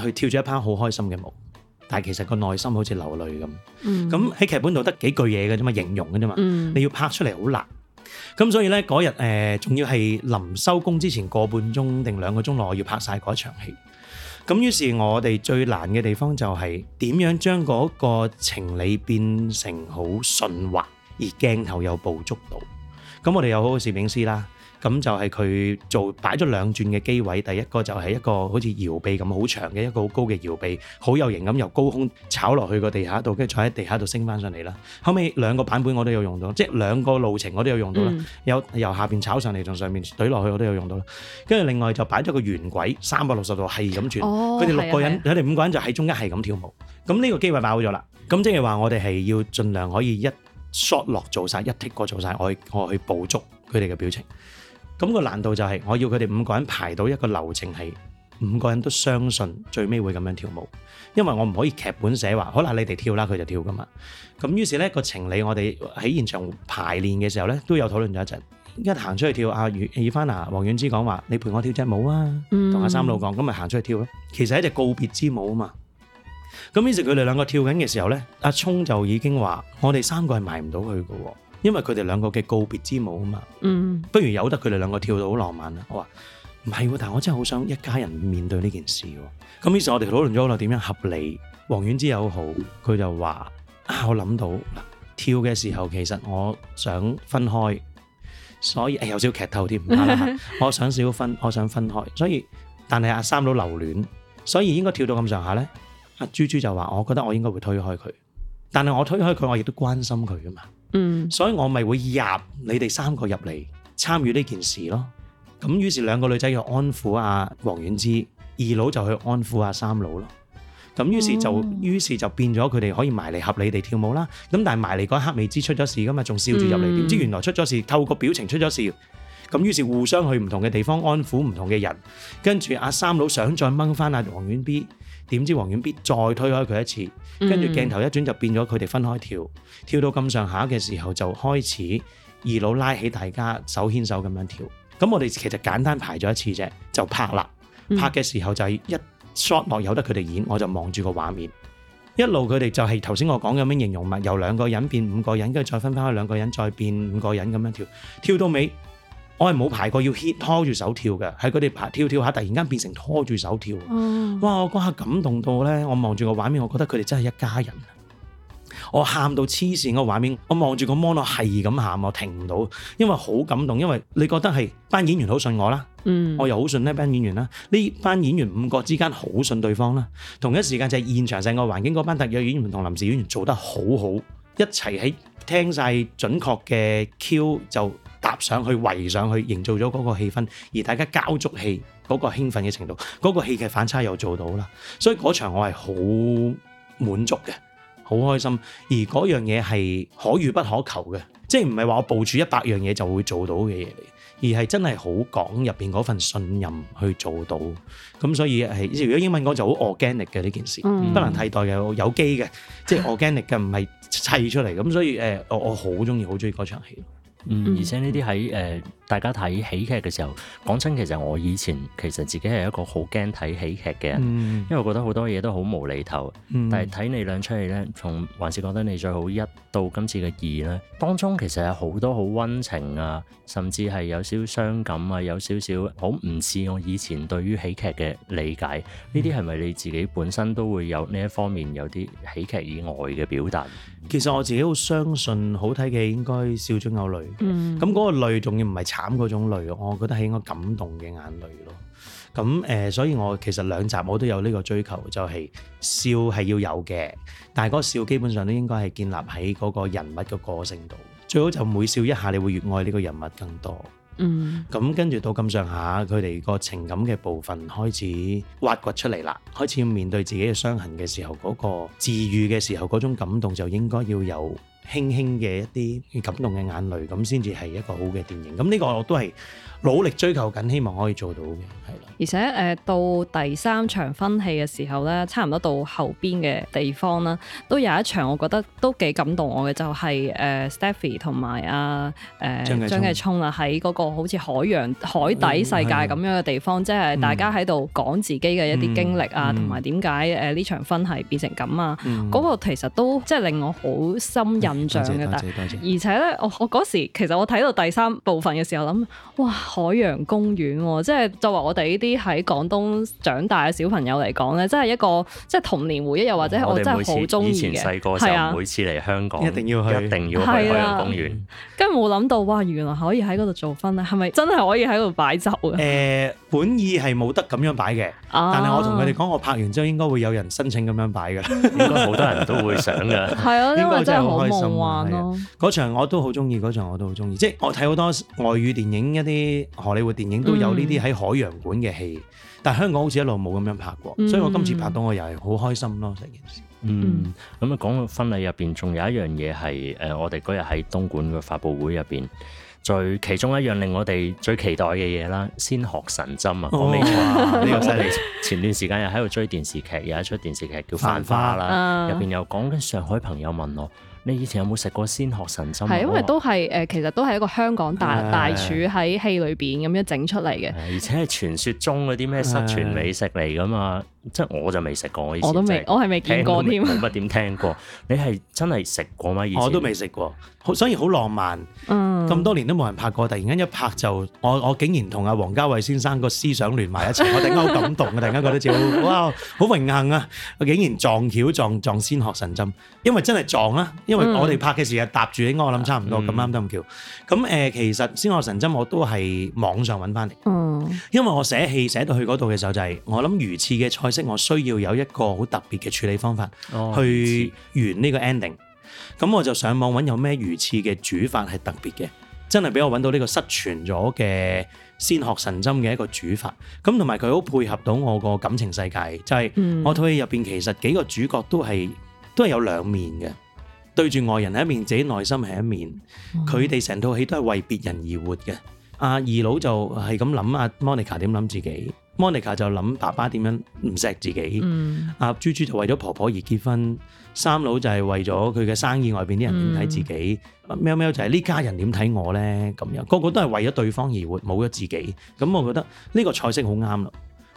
去跳住一拍好開心嘅舞，但係其實個內心好似流淚咁。咁喺劇本度得幾句嘢嘅啫嘛，形容嘅啫嘛，你要拍出嚟好難。咁所以呢嗰日誒，仲要係臨收工之前個半鐘定兩個鐘內，我要拍晒嗰一場戲。咁於是我哋最難嘅地方就係點樣將嗰個情理變成好順滑，而鏡頭又捕捉到。咁我哋有好好攝影師啦，咁就係佢做擺咗兩轉嘅機位，第一個就係一個好似搖臂咁好長嘅一個好高嘅搖臂，好有型咁由高空炒落去個地下度，跟住坐喺地下度升翻上嚟啦。後尾兩個版本我都有用到，即係兩個路程我都有用到啦。嗯、有由下邊炒上嚟，從上面懟落去我都有用到啦。跟住另外就擺咗個圓軌三百六十度係咁轉，佢哋、哦、六個人，佢哋五個人就喺中間係咁跳舞。咁呢個機位擺好咗啦。咁即係話我哋係要盡量可以一索落做晒，一剔過做晒，我去我去捕捉佢哋嘅表情。咁個難度就係我要佢哋五個人排到一個流程係五個人都相信最尾會咁樣跳舞，因為我唔可以劇本寫話，好啦，你哋跳啦，佢就跳噶嘛。咁於是咧個情理我哋喺現場排練嘅時候咧都有討論咗一陣。一行出去跳，阿阮以翻啊，onne, 王菀之講話你陪我跳隻舞啊，同、嗯、阿三佬講，咁咪行出去跳咯。其實係一隻告別之舞啊嘛。咁於是佢哋兩個跳緊嘅時候咧，阿聰就已經話：我哋三個係埋唔到去嘅，因為佢哋兩個嘅告別之舞啊嘛。嗯，不如由得佢哋兩個跳到好浪漫啦。我話唔係，但係我真係好想一家人面對呢件事。咁於是，我哋討論咗好耐，點樣合理？王菀之又好佢就話：啊，我諗到跳嘅時候，其實我想分開，所以、哎、有少劇透添。嗯、 我想少分，我想分開，所以但係阿三都留戀，所以應該跳到咁上下咧。豬豬就話：我覺得我應該會推開佢，但係我推開佢，我亦都關心佢，噶嘛。嗯，所以我咪會入你哋三個入嚟參與呢件事咯。咁於是兩個女仔就安撫阿黃婉芝，二佬就去安撫阿三佬咯。咁於是就，於、嗯、是就變咗佢哋可以埋嚟合你哋跳舞啦。咁但係埋嚟嗰刻，未知出咗事噶嘛，仲笑住入嚟，點知原來出咗事，透過表情出咗事。咁於是互相去唔同嘅地方安撫唔同嘅人，跟住阿三佬想再掹翻阿黃婉 B。點知黃遠必再推開佢一次，跟住鏡頭一轉就變咗佢哋分開跳，跳到咁上下嘅時候，就開始二佬拉起大家手牽手咁樣跳。咁我哋其實簡單排咗一次啫，就拍啦。拍嘅時候就係一 shot 落由得佢哋演，我就望住個畫面一路，佢哋就係頭先我講咁樣形容物，由兩個人變五個人，跟住再分返兩個人再變五個人咁樣跳，跳到尾。我係冇排過要 hit 拖住手跳嘅，喺佢哋排跳跳下，突然間變成拖住手跳。Oh. 哇！我嗰下感動到咧，我望住個畫面，我覺得佢哋真係一家人。我喊到黐線個畫面，我望住個 mon 係咁喊，我停唔到，因為好感動。因為你覺得係班演員好信我啦，嗯，mm. 我又好信呢班演員啦。呢班演員五個之間好信對方啦。同一時間就係現場成個環境嗰班特約演員同臨時演員做得好好，一齊喺聽晒準確嘅 Q。就。踏上去，圍上去，營造咗嗰個氣氛，而大家交足戲嗰個興奮嘅程度，嗰個戲劇反差又做到啦。所以嗰場我係好滿足嘅，好開心。而嗰樣嘢係可遇不可求嘅，即係唔係話我部署一百樣嘢就會做到嘅嘢嚟，而係真係好講入邊嗰份信任去做到。咁所以係，如果英文講就好 organic 嘅呢件事，不能替代嘅，有機嘅，即係 organic 嘅，唔係砌出嚟。咁所以誒，我我好中意，好中意嗰場戲。嗯，而且呢啲喺誒。呃大家睇喜劇嘅時候，講真，其實我以前其實自己係一個好驚睇喜劇嘅人，嗯、因為我覺得好多嘢都好無厘頭。嗯、但係睇你兩出戲呢，從還是覺得你最好一到今次嘅二呢，當中其實有好多好溫情啊，甚至係有少少傷感啊，有少少好唔似我以前對於喜劇嘅理解。呢啲係咪你自己本身都會有呢一方面有啲喜劇以外嘅表達？其實我自己好相信，好睇嘅應該笑中有淚。咁嗰、嗯、個淚仲要唔係咁嗰種淚，我覺得係應該感動嘅眼淚咯。咁誒，所以我其實兩集我都有呢個追求，就係笑係要有嘅，但係嗰個笑基本上都應該係建立喺嗰個人物嘅個性度，最好就每笑一下，你會越愛呢個人物更多。嗯，咁跟住到咁上下，佢哋個情感嘅部分開始挖掘出嚟啦，開始要面對自己嘅傷痕嘅時候，嗰個治癒嘅時候嗰種感動就應該要有。輕輕嘅一啲感動嘅眼淚咁先至係一個好嘅電影。咁呢個我都係努力追求緊，希望可以做到嘅，係啦，而且誒、呃、到第三場婚戲嘅時候咧，差唔多到後邊嘅地方啦，都有一場我覺得都幾感動我嘅，就係、是、誒、呃、Stephy 同埋阿誒張繼聰啦，喺個好似海洋海底世界咁樣嘅地方，嗯、即係大家喺度、嗯、講自己嘅一啲經歷啊，同埋點解誒呢場婚係變成咁啊？嗰個其實都即係令我好深入。印而且呢，我我嗰時其實我睇到第三部分嘅時候，諗哇，海洋公園，即係作為我哋呢啲喺廣東長大嘅小朋友嚟講呢，真係一個即係童年回憶，又或者係我真係好中意以前細個時候每次嚟香港一定要去，一定要去海洋公園。跟住冇諗到哇，原來可以喺嗰度做婚啊！係咪真係可以喺度擺酒啊？誒，本意係冇得咁樣擺嘅，但係我同佢哋講，我拍完之後應該會有人申請咁樣擺嘅，應該好多人都會想噶。係啊，因為真係好心咯，嗰場我都好中意，嗰場我都好中意。即係我睇好多外語電影、一啲荷里活電影都有呢啲喺海洋館嘅戲，但係香港好似一路冇咁樣拍過，所以我今次拍到我又係好開心咯！成件事。嗯，咁啊，講到婚禮入邊，仲有一樣嘢係誒，我哋嗰日喺東莞嘅發布會入邊，最其中一樣令我哋最期待嘅嘢啦，仙鶴神針啊！我未哇，呢個犀利！前段時間又喺度追電視劇，有一出電視劇叫《繁花》啦，入邊又講緊上海朋友，問我你以前有冇食過仙鶴神針？係因為都係誒，其實都係一個香港大大廚喺戲裏邊咁樣整出嚟嘅，而且係傳説中嗰啲咩失傳美食嚟噶嘛，即係我就未食過。我都未，我係未見過添，冇乜點聽過。你係真係食過咩？以前我都未食過，所以好浪漫。嗯，咁多年都冇人拍過，突然間一拍就我我竟然同阿王家衞先生個思想聯埋一齊，我突然間好感動啊！突然間覺得自己哇好榮幸啊！我竟然撞巧撞撞仙鶴神針，因為真係撞啊！因為我哋拍嘅時間、嗯、搭住，應該我諗差唔多咁啱咁巧。咁誒，其實《仙鶴神針》我都係網上揾翻嚟。嗯，因為我寫戲寫到去嗰度嘅時候、就是，就係我諗魚翅嘅菜式，我需要有一個好特別嘅處理方法去完呢個 ending。咁、嗯、我就上網揾有咩魚翅嘅煮法係特別嘅，真係俾我揾到呢個失傳咗嘅《仙鶴神針》嘅一個煮法。咁同埋佢好配合到我個感情世界，就係、是、我套戲入邊其實幾個主角都係都係有兩面嘅。對住外人係一面，自己內心係一面。佢哋成套戲都係為別人而活嘅。阿、啊、二佬就係咁諗，阿 Monica 點諗自己？Monica 就諗爸爸點樣唔錫自己？阿豬豬就為咗婆婆而結婚。三佬就係為咗佢嘅生意，外邊啲人點睇自己，嗯啊？喵喵就係呢家人點睇我咧？咁樣個個都係為咗對方而活，冇咗自己。咁我覺得呢個菜式好啱啦。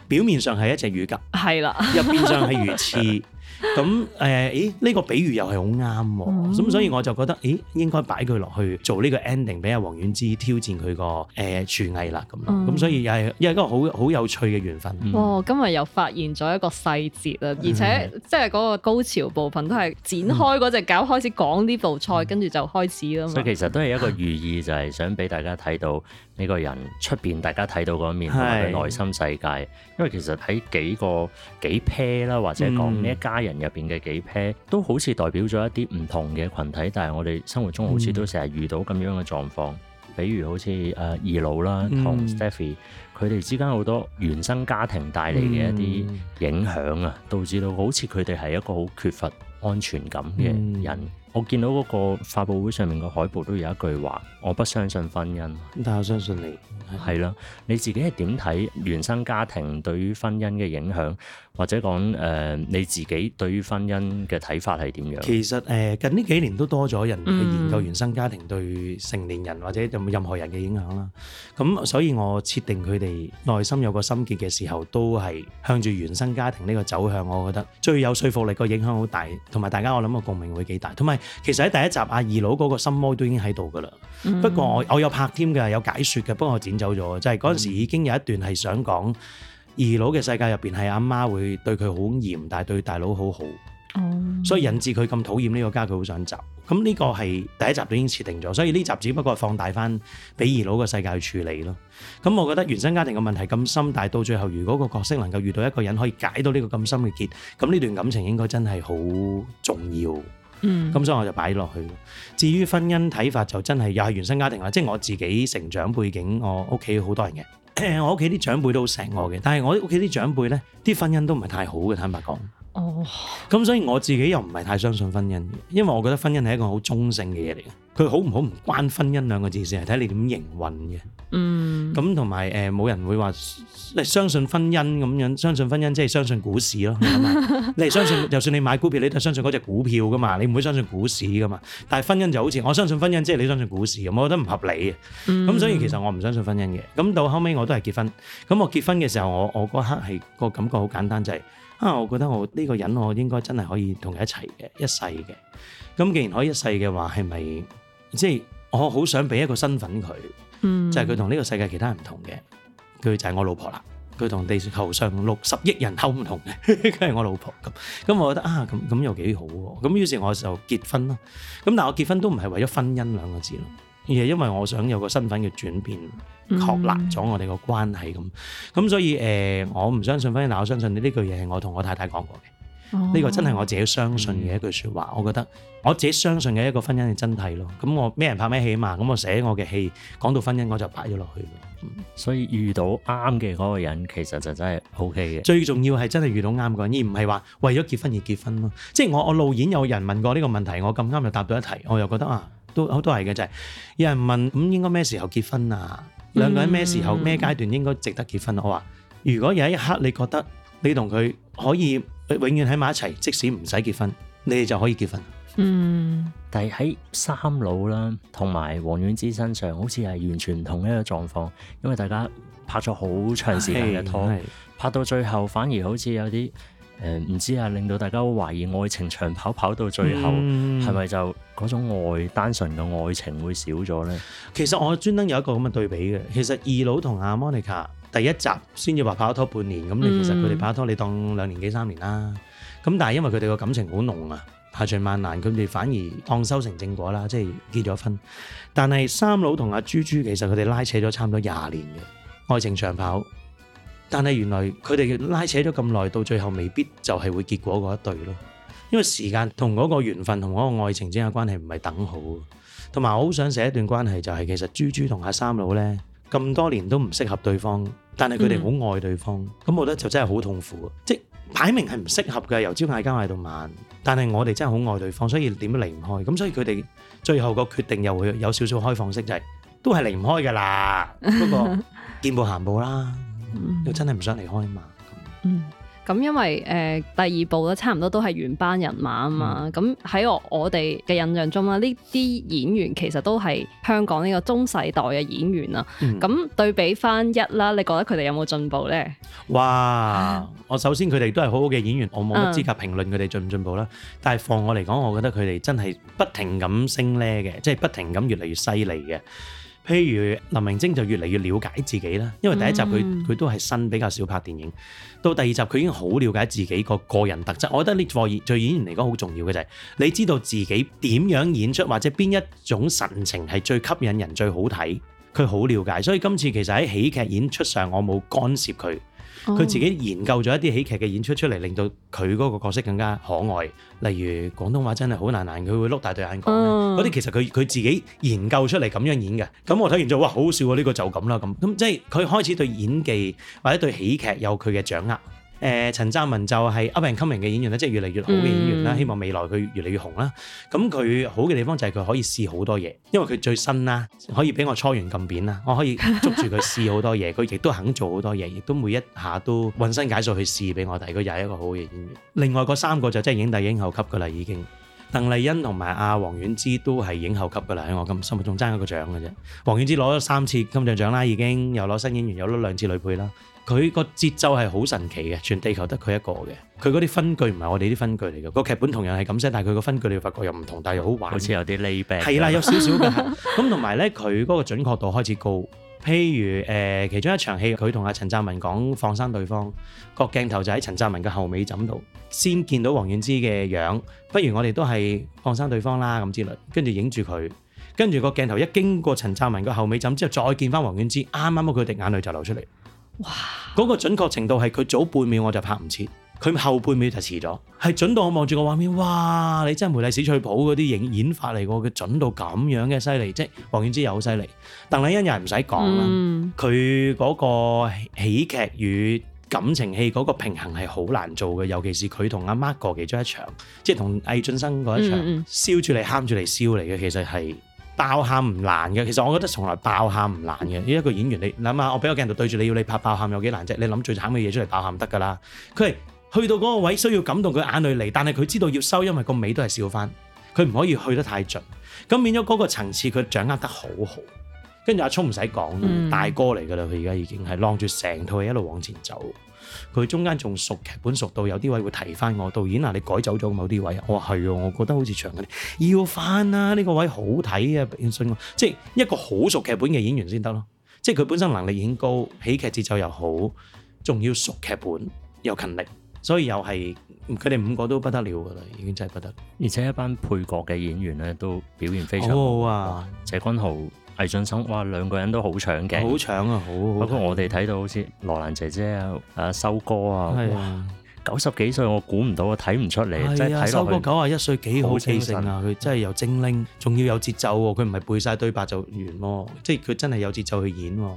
表面上係一隻乳鴿，係啦了，入邊上係魚翅。 咁誒，咦？呢、欸這個比喻又係好啱，咁、嗯、所以我就覺得，誒，應該擺佢落去做呢個 ending，俾阿王菀之挑戰佢個誒廚藝啦。咁、呃，咁、嗯、所以又係，又係一個好好有趣嘅緣分。哇、哦！今日又發現咗一個細節啊，而且、嗯、即係嗰個高潮部分都係剪開嗰隻狗、嗯、開始講呢道菜，跟住、嗯、就開始啦。所以其實都係一個寓意， 就係想俾大家睇到。呢個人出邊面，大家睇到嗰面同埋佢內心世界，因為其實喺幾個幾 pair 啦，或者講呢一家人入邊嘅幾 pair，、嗯、都好似代表咗一啲唔同嘅群體。但係我哋生活中好似都成日遇到咁樣嘅狀況，嗯、比如好似誒、呃、二老啦同 Stephy 佢哋之間好多原生家庭帶嚟嘅一啲影響啊，導致到好似佢哋係一個好缺乏安全感嘅人。嗯嗯。我見到嗰個發布會上面個海報都有一句話：我不相信婚姻，但我相信你。係啦，你自己係點睇原生家庭對於婚姻嘅影響？或者講誒，你自己對於婚姻嘅睇法係點樣？其實誒，近呢幾年都多咗人去研究原生家庭對成年人或者任任何人嘅影響啦。咁所以我設定佢哋內心有個心結嘅時候，都係向住原生家庭呢個走向。我覺得最有說服力，個影響好大，同埋大家我諗個共鳴會幾大。同埋其實喺第一集阿二佬嗰個心魔都已經喺度㗎喇。不過我我有拍添㗎，有解説嘅，不過我剪走咗，就係嗰陣時已經有一段係想講。二佬嘅世界入邊係阿媽會對佢好嚴，但係對大佬好好，嗯、所以引致佢咁討厭呢個家，佢好想走。咁呢個係第一集都已經設定咗，所以呢集只不過係放大翻俾二佬嘅世界去處理咯。咁我覺得原生家庭嘅問題咁深，但係到最後，如果個角色能夠遇到一個人可以解到呢個咁深嘅結，咁呢段感情應該真係好重要。嗯，咁所以我就擺落去。至於婚姻睇法就真係又係原生家庭啦，即係我自己成長背景，我屋企好多人嘅。我屋企啲長輩都好錫我嘅，但係我啲屋企啲長輩呢，啲婚姻都唔係太好嘅，坦白講。哦，咁、oh. 所以我自己又唔係太相信婚姻嘅，因為我覺得婚姻係一個好中性嘅嘢嚟嘅，佢好唔好唔關婚姻兩個字先係睇你點營運嘅。嗯、mm.，咁同埋誒，冇人會話，你相信婚姻咁樣，相信婚姻即係相信股市咯。你係相信， 就算你買股票，你都係相信嗰隻股票噶嘛，你唔會相信股市噶嘛。但係婚姻就好似，我相信婚姻即係你相信股市，我覺得唔合理嘅。咁、mm. 所以其實我唔相信婚姻嘅。咁到後尾我都係結婚，咁我結婚嘅時候，我我嗰刻係個感覺好簡單，就係、是。啊！我覺得我呢個人我應該真係可以同佢一齊嘅一世嘅。咁既然可以一世嘅話，係咪即係我好想俾一個身份佢？嗯，就係佢同呢個世界其他人唔同嘅，佢就係我老婆啦。佢同地球上六十億人口唔同嘅，佢 係我老婆。咁咁，我覺得啊，咁咁又幾好喎、啊。咁於是我就結婚咯。咁但係我結婚都唔係為咗婚姻兩個字咯。而係因為我想有個身份嘅轉變，確立咗我哋個關係咁，咁、嗯、所以誒、呃，我唔相信婚姻，但我相信呢呢句嘢係我同我太太講過嘅。呢個、哦、真係我自己相信嘅一句説話，嗯、我覺得我自己相信嘅一個婚姻嘅真諦咯。咁我咩人拍咩戲嘛，咁我寫我嘅戲，講到婚姻我就拍咗落去咯。所以遇到啱嘅嗰個人，其實就真係 O K 嘅。最重要係真係遇到啱個人，而唔係話為咗結婚而結婚咯。即係我我路演有人問過呢個問題，我咁啱就答到一題，我又覺得啊。都好多係嘅就係，有人問咁、嗯、應該咩時候結婚啊？兩個人咩時候咩階、嗯、段應該值得結婚、啊？我話如果有一刻你覺得你同佢可以永遠喺埋一齊，即使唔使結婚，你哋就可以結婚。嗯，但係喺三佬啦，同埋王菀之身上，好似係完全唔同一個狀況，因為大家拍咗好長時間嘅拖，是就是、拍到最後反而好似有啲。誒唔知啊，令到、嗯、大家懷疑愛情長跑跑到最後係咪、嗯、就嗰種愛單純嘅愛情會少咗呢？其實我專登有一個咁嘅對比嘅，其實二佬同阿 Monica 第一集先至話拍拖半年，咁、嗯、你其實佢哋拍拖你當兩年幾三年啦。咁但係因為佢哋個感情好濃啊，排除萬難，佢哋反而當修成正果啦，即、就、係、是、結咗婚。但係三佬同阿豬豬其實佢哋拉扯咗差唔多廿年嘅愛情長跑。但係原來佢哋拉扯咗咁耐，到最後未必就係會結果嗰一對咯。因為時間同嗰個緣分同嗰個愛情之間嘅關係唔係等好，同埋我好想寫一段關係，就係其實豬豬同阿三佬咧咁多年都唔適合對方，但係佢哋好愛對方，咁我覺得就真係好痛苦。即係擺明係唔適合嘅，由朝嗌交嗌到晚，但係我哋真係好愛對方，所以點都離唔開。咁所以佢哋最後個決定又會有少少開放式，就係都係離唔開㗎喇。不過見步行步啦。又真係唔想離開嘛？嗯，咁因為誒、呃、第二部咧，差唔多都係原班人馬啊嘛。咁喺、嗯、我我哋嘅印象中啦，呢啲演員其實都係香港呢個中世代嘅演員啦。咁、嗯、對比翻一啦，你覺得佢哋有冇進步呢？哇！我首先佢哋都係好好嘅演員，我冇乜資格評論佢哋進唔進步啦。嗯、但係放我嚟講，我覺得佢哋真係不停咁升呢嘅，即、就、係、是、不停咁越嚟越犀利嘅。譬如林明禎就越嚟越了解自己啦，因為第一集佢都係新，比較少拍電影，到第二集佢已經好了解自己個個人特質。我覺得呢個對演員嚟講好重要嘅就係，你知道自己點樣演出或者邊一種神情係最吸引人最好睇，佢好了解，所以今次其實喺喜劇演出上我冇干涉佢。佢自己研究咗一啲喜劇嘅演出出嚟，令到佢嗰個角色更加可愛。例如廣東話真係好難難，佢會碌大對眼講，嗰啲其實佢佢自己研究出嚟咁樣演嘅。咁我睇完之後，哇，好好笑喎、啊！呢、呢個就咁啦，咁咁即係佢開始對演技或者對喜劇有佢嘅掌握。誒、呃、陳湛文就係 up and coming 嘅演員咧，即係越嚟越好嘅演員啦。Mm hmm. 希望未來佢越嚟越紅啦。咁佢好嘅地方就係佢可以試好多嘢，因為佢最新啦，可以俾我搓圓撳扁啦，我可以捉住佢試好多嘢。佢 亦都肯做好多嘢，亦都每一下都渾身解數去試俾我睇。佢又係一個好嘅演員。另外嗰三個就真係影帝影后級噶啦，已經。鄧麗欣同埋阿王菀之都係影后級噶啦，喺我今心目中爭一個獎嘅啫。王菀之攞咗三次金像獎啦，已經又攞新演員，又攞兩次女配啦。佢個節奏係好神奇嘅，全地球得佢一個嘅。佢嗰啲分句唔係我哋啲分句嚟嘅，個劇本同樣係咁聲，但係佢個分句你會發覺又唔同，但係又好玩。好似有啲利弊。係啦，有少少嘅咁，同埋咧，佢嗰個準確度開始高。譬如誒、呃，其中一場戲，佢同阿陳湛文講放生對方，個鏡頭就喺陳湛文嘅後尾枕度先見到王菀之嘅樣。不如我哋都係放生對方啦咁之類，跟住影住佢，跟住個鏡頭一經過陳湛文個後尾枕之後，再見翻王菀之，啱啱剝佢一滴眼淚就流出嚟。哇！嗰個準確程度係佢早半秒我就拍唔切，佢後半秒就遲咗，係準到我望住個畫面，哇！你真係梅麗史翠普嗰啲影演法嚟喎，佢準到咁樣嘅犀利，即係王菀之又好犀利，鄧麗欣又係唔使講啦，佢嗰、嗯、個喜劇與感情戲嗰個平衡係好難做嘅，尤其是佢同阿媽個其中一場，即係同魏俊生嗰一場，笑住嚟喊住嚟笑嚟嘅，其實係。爆喊唔難嘅，其實我覺得從來爆喊唔難嘅。呢一個演員你諗下，我俾個鏡頭對住你要你拍爆喊有幾難啫？你諗最慘嘅嘢出嚟爆喊得㗎啦。佢係去到嗰個位需要感動佢眼淚嚟，但係佢知道要收，因為個尾都係笑返。佢唔可以去得太盡，咁變咗嗰個層次佢掌握得好好。跟住阿聰唔使講，嗯、大哥嚟㗎啦，佢而家已經係攬住成套嘢一路往前走。佢中間仲熟劇本熟到有啲位會提翻我，導演嗱、啊，你改走咗某啲位，我話係哦，我覺得好似長嘅，要翻啊，呢、這個位好睇啊！演訊，即係一個好熟劇本嘅演員先得咯，即係佢本身能力已經高，喜劇節奏又好，仲要熟劇本又勤力，所以又係佢哋五個都不得了噶啦，已經真係不得。而且一班配角嘅演員咧都表現非常好好啊，好啊謝君豪。.魏俊生，哇，兩個人都好搶嘅，好搶啊，好，好啊。包括我哋睇到好似羅蘭姐姐啊，阿修哥啊，啊啊哇，九十幾歲我估唔到，啊，睇唔出嚟。係啊，修哥九啊一歲幾好氣性啊，佢、嗯、真係有精靈，仲要有節奏喎、啊。佢唔係背晒對白就完咯，即係佢真係有節奏去演、啊。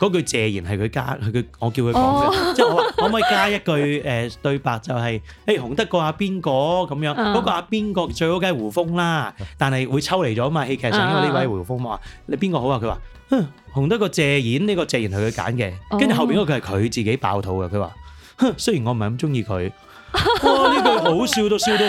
嗰句借言係佢加，係佢我叫佢講嘅。哦 可唔可以加一句誒、呃、對白就係、是、誒、欸、紅得過阿邊個咁樣？嗰、uh, 個阿邊個最好梗係胡風啦，但係會抽離咗嘛？戲、欸、劇上因為呢位胡風嘛，你邊個好啊？佢話哼，紅得過、這個謝賢，呢個謝賢係佢揀嘅。跟住後邊嗰個佢係佢自己爆肚嘅。佢話哼，雖然我唔係咁中意佢。哇！呢句好笑都笑到，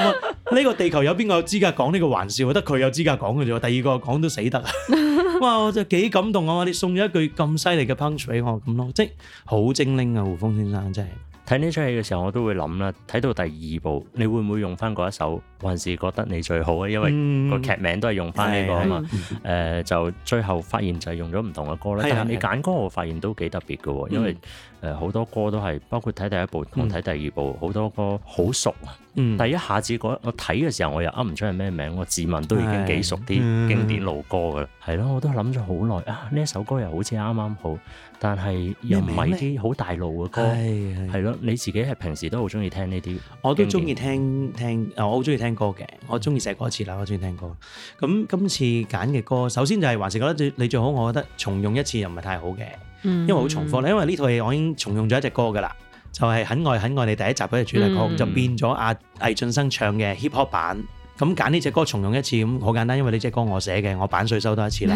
我，呢個地球有邊個有資格講呢、呢個玩笑？得佢有，有資格講嘅啫。第二個講都死得。 哇！真係幾感動啊！你送咗一句咁犀利嘅 punch 俾我咁咯，即係好精靈啊！胡楓先生真係。睇呢出戲嘅時候，我都會諗啦。睇到第二部，你會唔會用翻嗰一首，還是覺得你最好啊？因為個劇名都係用翻呢、呢個啊、嗯、嘛。誒、嗯，就最後發現就係用咗唔同嘅歌啦。但係你揀歌，嗯、歌我發現都幾特別嘅喎。因為誒好多歌都係，包括睇第一部同睇第二部，好、嗯、多歌好熟啊。但係一下子我睇嘅時候，我又噏唔出係咩名。我自問都已經幾熟啲、嗯、經典老歌噶啦。係咯、嗯，我都諗咗好耐啊。呢一首歌又好似啱啱好。但係又唔係啲好大路嘅歌，係咯？你自己係平時都好中意聽呢啲，我都中意聽聽，我好中意聽歌嘅，我中意寫歌詞啦，我中意聽歌。咁今次揀嘅歌，首先就係還是覺得你最好，我覺得重用一次又唔係太好嘅，因為好重複咧。因為呢套戲我已經重用咗一隻歌噶啦，就係、是《很愛很愛你》第一集嗰隻主題曲，就變咗阿魏浚笙唱嘅 hip hop 版。咁揀呢隻歌重用一次，咁好簡單，因為呢隻歌我寫嘅，我版稅收多一次啦。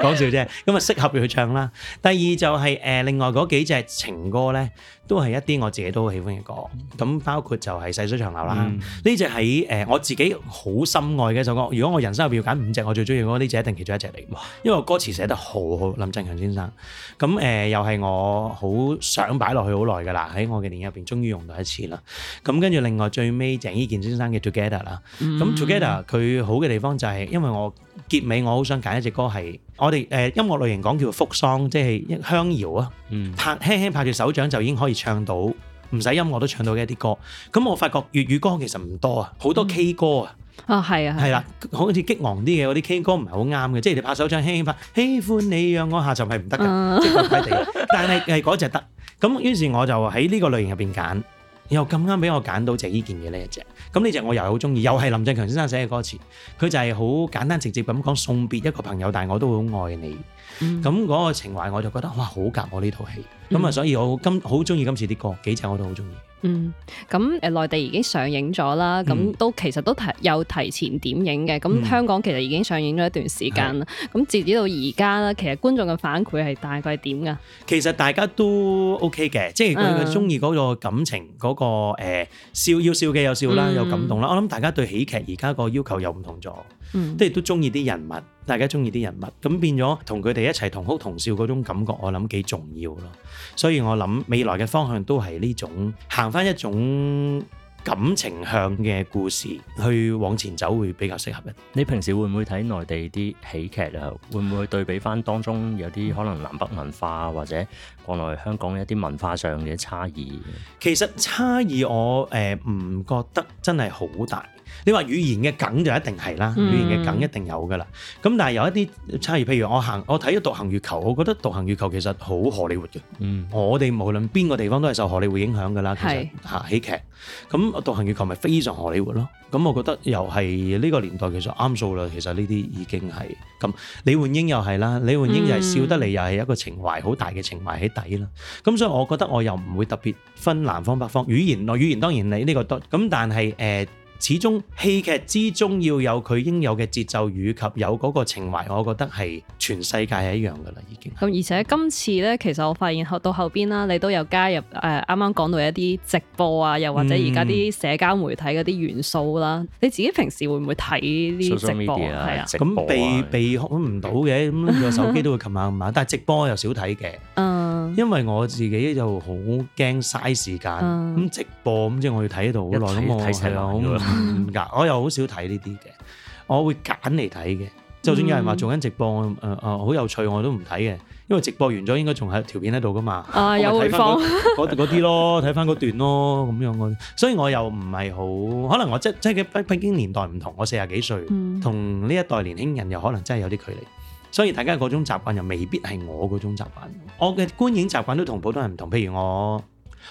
講笑啫， 咁咪適合佢唱啦。第二就係、是、誒、呃、另外嗰幾隻情歌呢。都係一啲我自己都喜歡嘅歌，咁包括就係、是《細水長流》啦。呢隻係誒我自己好深愛嘅一首歌。如果我人生入邊要揀五隻我最中意嗰啲，就一定其中一隻嚟哇。因為歌詞寫得好好，林振強先生。咁、嗯、誒、呃、又係我好想擺落去好耐噶啦，喺我嘅電影入邊終於用到一次啦。咁跟住另外最尾鄭伊健先生嘅《Together》啦。咁、嗯《Together、嗯》佢、嗯、好嘅地方就係因為我。結尾我好想揀一隻歌係，我哋誒音樂類型講叫福桑，即，即係鄉謠啊，拍輕輕拍住手掌就已經可以唱到，唔使音樂都唱到嘅一啲歌。咁我發覺粵語歌其實唔多啊，好多 K 歌啊，啊係啊係啦，好似激昂啲嘅嗰啲 K 歌唔係好啱嘅，即係你拍手掌輕輕拍，喜歡你讓我下、嗯、 就係唔得嘅，即係規規但係係嗰隻得，咁於是我就喺呢個類型入邊揀。又咁啱俾我揀到就依件嘢呢隻，咁呢隻我又好中意，又係林振強先生寫嘅歌詞，佢就係好簡單直接咁講送別一個朋友，但係我都會好愛你，咁嗰、嗯、個情懷我就覺得哇好夾我呢套戲。咁啊，所以我今好中意今次啲歌，幾隻我都好中意。嗯，咁誒，內地已經上映咗啦，咁都其實都提有提前點映嘅。咁香港其實已經上映咗一段時間啦。咁截止到而家啦，其實觀眾嘅反饋係大概係點㗎？其實大家都 OK 嘅，即係佢佢中意嗰個感情，嗰個誒笑要笑嘅有笑啦，有感動啦。我諗大家對喜劇而家個要求又唔同咗，即係都中意啲人物。大家中意啲人物，咁變咗同佢哋一齊同哭同笑嗰種感覺，我諗幾重要咯。所以我諗未來嘅方向都係呢種行翻一種感情向嘅故事去往前走，會比較適合一啲。你平時會唔會睇內地啲喜劇啊？會唔會對比翻當中有啲可能南北文化或者國內香港一啲文化上嘅差異？其實差異我誒唔、呃、覺得真係好大。你話語言嘅梗就一定係啦，語言嘅梗一定有㗎喇。咁但係有一啲差異，譬如我行我睇咗《獨行月球》，我覺得《獨行月球》其實好荷里活嘅。嗯，我哋無論邊個地方都係受荷里活影響㗎喇。其實嚇喜劇，咁《獨行月球》咪非常荷里活囉。咁我覺得又係呢個年代其實啱數啦。其實呢啲已經係咁。李煥英又係啦，李煥英又係笑得嚟，又係一個情懷好大嘅情懷喺底啦。咁所以我覺得我又唔會特別分南方北方，語言內語言當然你呢個多咁，但係誒。始終戲劇之中要有佢應有嘅節奏，與及有嗰個情懷，我覺得係全世界係一樣噶啦，已經。咁而且今次咧，其實我發現後到後邊啦，你都有加入誒啱啱講到一啲直播啊，又或者而家啲社交媒體嗰啲元素啦。嗯、你自己平時會唔會睇呢啲直播係啊？咁被避唔到嘅，咁個手機都會撳下撳下，但係直播又少睇嘅。嗯。 因為我自己就好驚嘥時間，咁、嗯、直播咁即係我要睇喺度好耐，咁看我睇係咯，我又好少睇呢啲嘅，我會揀嚟睇嘅。就算有人話做緊直播，誒誒好有趣，我都唔睇嘅，因為直播完咗應該仲喺條片喺度噶嘛。啊，又睇翻嗰啲咯，睇翻嗰段咯咁樣咯。所以我又唔係好，可能我即、即係、即係佢畢竟年代唔同，我四十幾歲，同呢一代年輕人，人又可能真係有啲距離。所以大家嗰種習慣又未必係我嗰種習慣。我嘅觀影習慣都同普通人唔同。譬如我，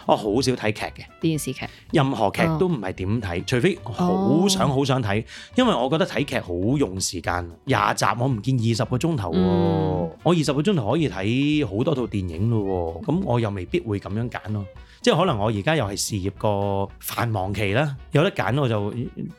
我好少睇劇嘅電視劇，任何劇都唔係點睇，除非好想好想睇。因為我覺得睇劇好用時間，廿集我唔見二十個鐘頭喎。我二十個鐘頭可以睇好多套電影咯。咁我又未必會咁樣揀咯。即係可能我而家又係事業個繁忙期啦，有得揀我就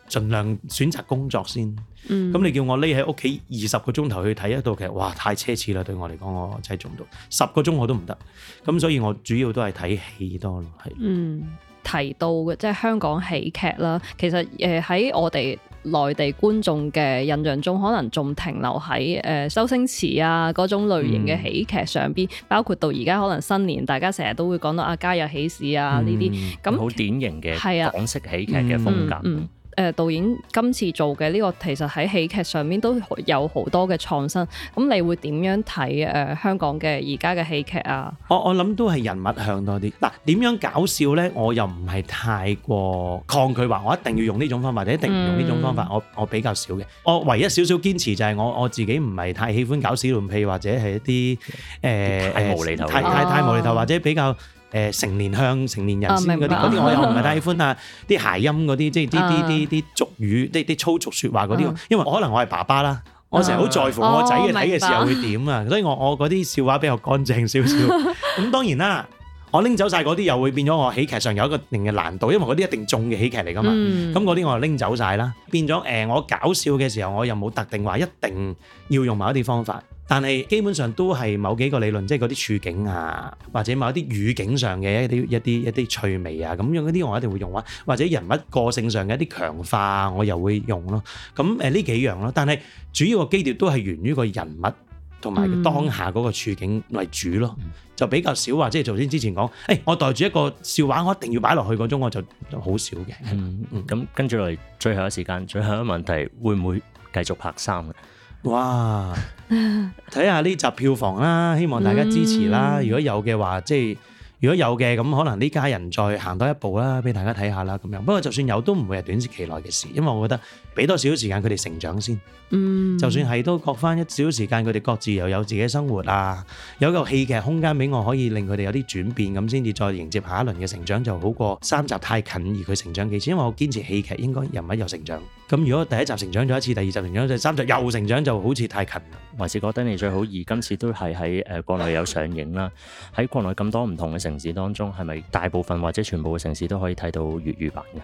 盡量選擇工作先。咁、嗯、你叫我匿喺屋企二十個鐘頭去睇一套劇，哇！太奢侈啦，對我嚟講，我真係做唔到。十個鐘我都唔得。咁所以，我主要都係睇戲多咯。係。嗯，提到嘅即係香港喜劇啦，其實誒喺我哋，內地觀眾嘅印象中，可能仲停留喺誒、呃、周星馳啊嗰種類型嘅喜劇上邊，嗯、包括到而家可能新年大家成日都會講到啊家有喜事啊呢啲咁，嗯、那好典型嘅港式喜劇嘅風格。嗯嗯嗯。誒導演今次做嘅呢個其實喺喜劇上面都有好多嘅創新，咁你會點樣睇誒香港嘅而家嘅喜劇啊？我我諗都係人物向多啲。嗱點樣搞笑咧？我又唔係太過抗拒話，我一定要用呢種方法，定一定唔用呢種方法。我我比較少嘅。我唯一少少堅持就係我我自己唔係太喜歡搞屎尿屁，或者係一啲誒太無厘頭，太太無厘頭，或者比較。誒、呃、成年向成年人先嗰啲，啲我，我又唔係太喜歡啊！啲諧 音嗰啲，即係啲啲啲啲俗語，啲啲粗俗説話嗰啲， 因為可能我係爸爸啦， 我成日好在乎我仔嘅睇嘅時候會點啊，所以我我嗰啲， 笑話比較乾淨少少。咁 當然啦，我拎走晒嗰啲又會變咗我喜劇上有一個定嘅難度，因為嗰啲一定重嘅喜劇嚟噶嘛。咁嗰啲我係拎走晒啦，變咗誒我搞笑嘅時候，我又冇特定話一定要用某啲方法。但係基本上都係某幾個理論，即係嗰啲處境啊，或者某一啲語境上嘅一啲一啲一啲趣味啊，咁樣嗰啲我一定會用咯，或者人物個性上嘅一啲強化，我又會用咯。咁誒呢幾樣咯，但係主要嘅基調都係源於個人物同埋當下嗰個處境為主咯，就比較少話，即係頭先之前講，誒我袋住一個笑話，我一定要擺落去嗰種，我就好少嘅。咁跟住落嚟，最後一時間，最後一問題，會唔會繼續拍三？哇！睇下呢集票房啦，希望大家支持啦、嗯。如果有嘅話，即係如果有嘅，咁可能呢家人再行多一步啦，俾大家睇下啦，咁樣。不過就算有，都唔會係短時期內嘅事，因為我覺得俾多少時間佢哋成長先。嗯，就算係都各翻一少時間，佢哋各自又有自己生活啊，有個戲劇空間俾我可以令佢哋有啲轉變，咁先至再迎接下一輪嘅成長，就好過三集太近而佢成長幾次，因為我堅持戲劇應該人物有成長。咁如果第一集成長咗一次，第二集成長一次，第三集又成長，成長就好似太近。還是覺得你最好，而今次都係喺誒國內有上映啦。喺 國內咁多唔同嘅城市當中，係咪大部分或者全部嘅城市都可以睇到粵語版嘅？誒、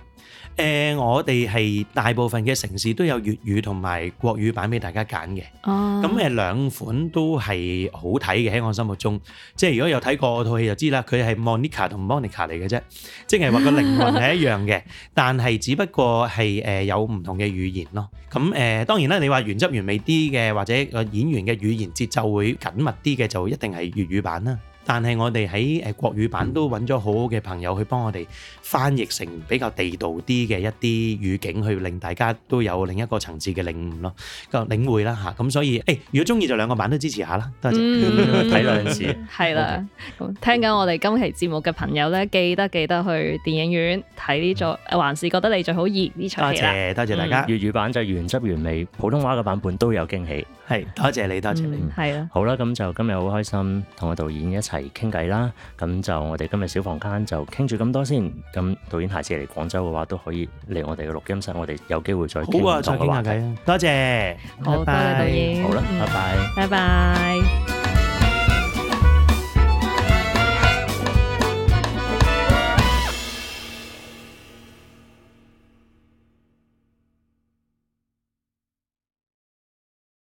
呃，我哋係大部分嘅城市都有粵語同埋國語版俾大家揀嘅。哦、啊。咁誒兩款都係好睇嘅喺我心目中。即係如果有睇過套戲就知啦，佢係 Monica 同 Monica 嚟嘅啫，即係話個靈魂係一樣嘅， 但係只不過係誒有唔同。嘅語言咯，咁、嗯、誒當然啦，你話原汁原味啲嘅，或者個演員嘅語言節奏會緊密啲嘅，就一定係粵語版啦。但係我哋喺誒國語版都揾咗好好嘅朋友去幫我哋翻譯成比較地道啲嘅一啲語境，去令大家都有另一個層次嘅領悟咯，個領會啦嚇。咁所以誒、欸，如果中意就兩個版都支持下啦，多謝睇兩、嗯、 次。係啦，咁聽緊我哋今期節目嘅朋友咧，記得記得去電影院睇呢座。還是覺得你最好熱呢場，多謝多謝大家粵、嗯、語版就原汁原味，普通話嘅版本都有驚喜。係，多謝你，多謝你，係、嗯、啊，好啦，咁就今日好開心同個導演一齊傾偈啦，咁就我哋今日小房間就傾住咁多先，咁導演下次嚟廣州嘅話都可以嚟我哋嘅錄音室，我哋有機會再傾下偈。啊、對多謝，好拜拜，導演，好啦吧，拜拜，拜拜。拜拜。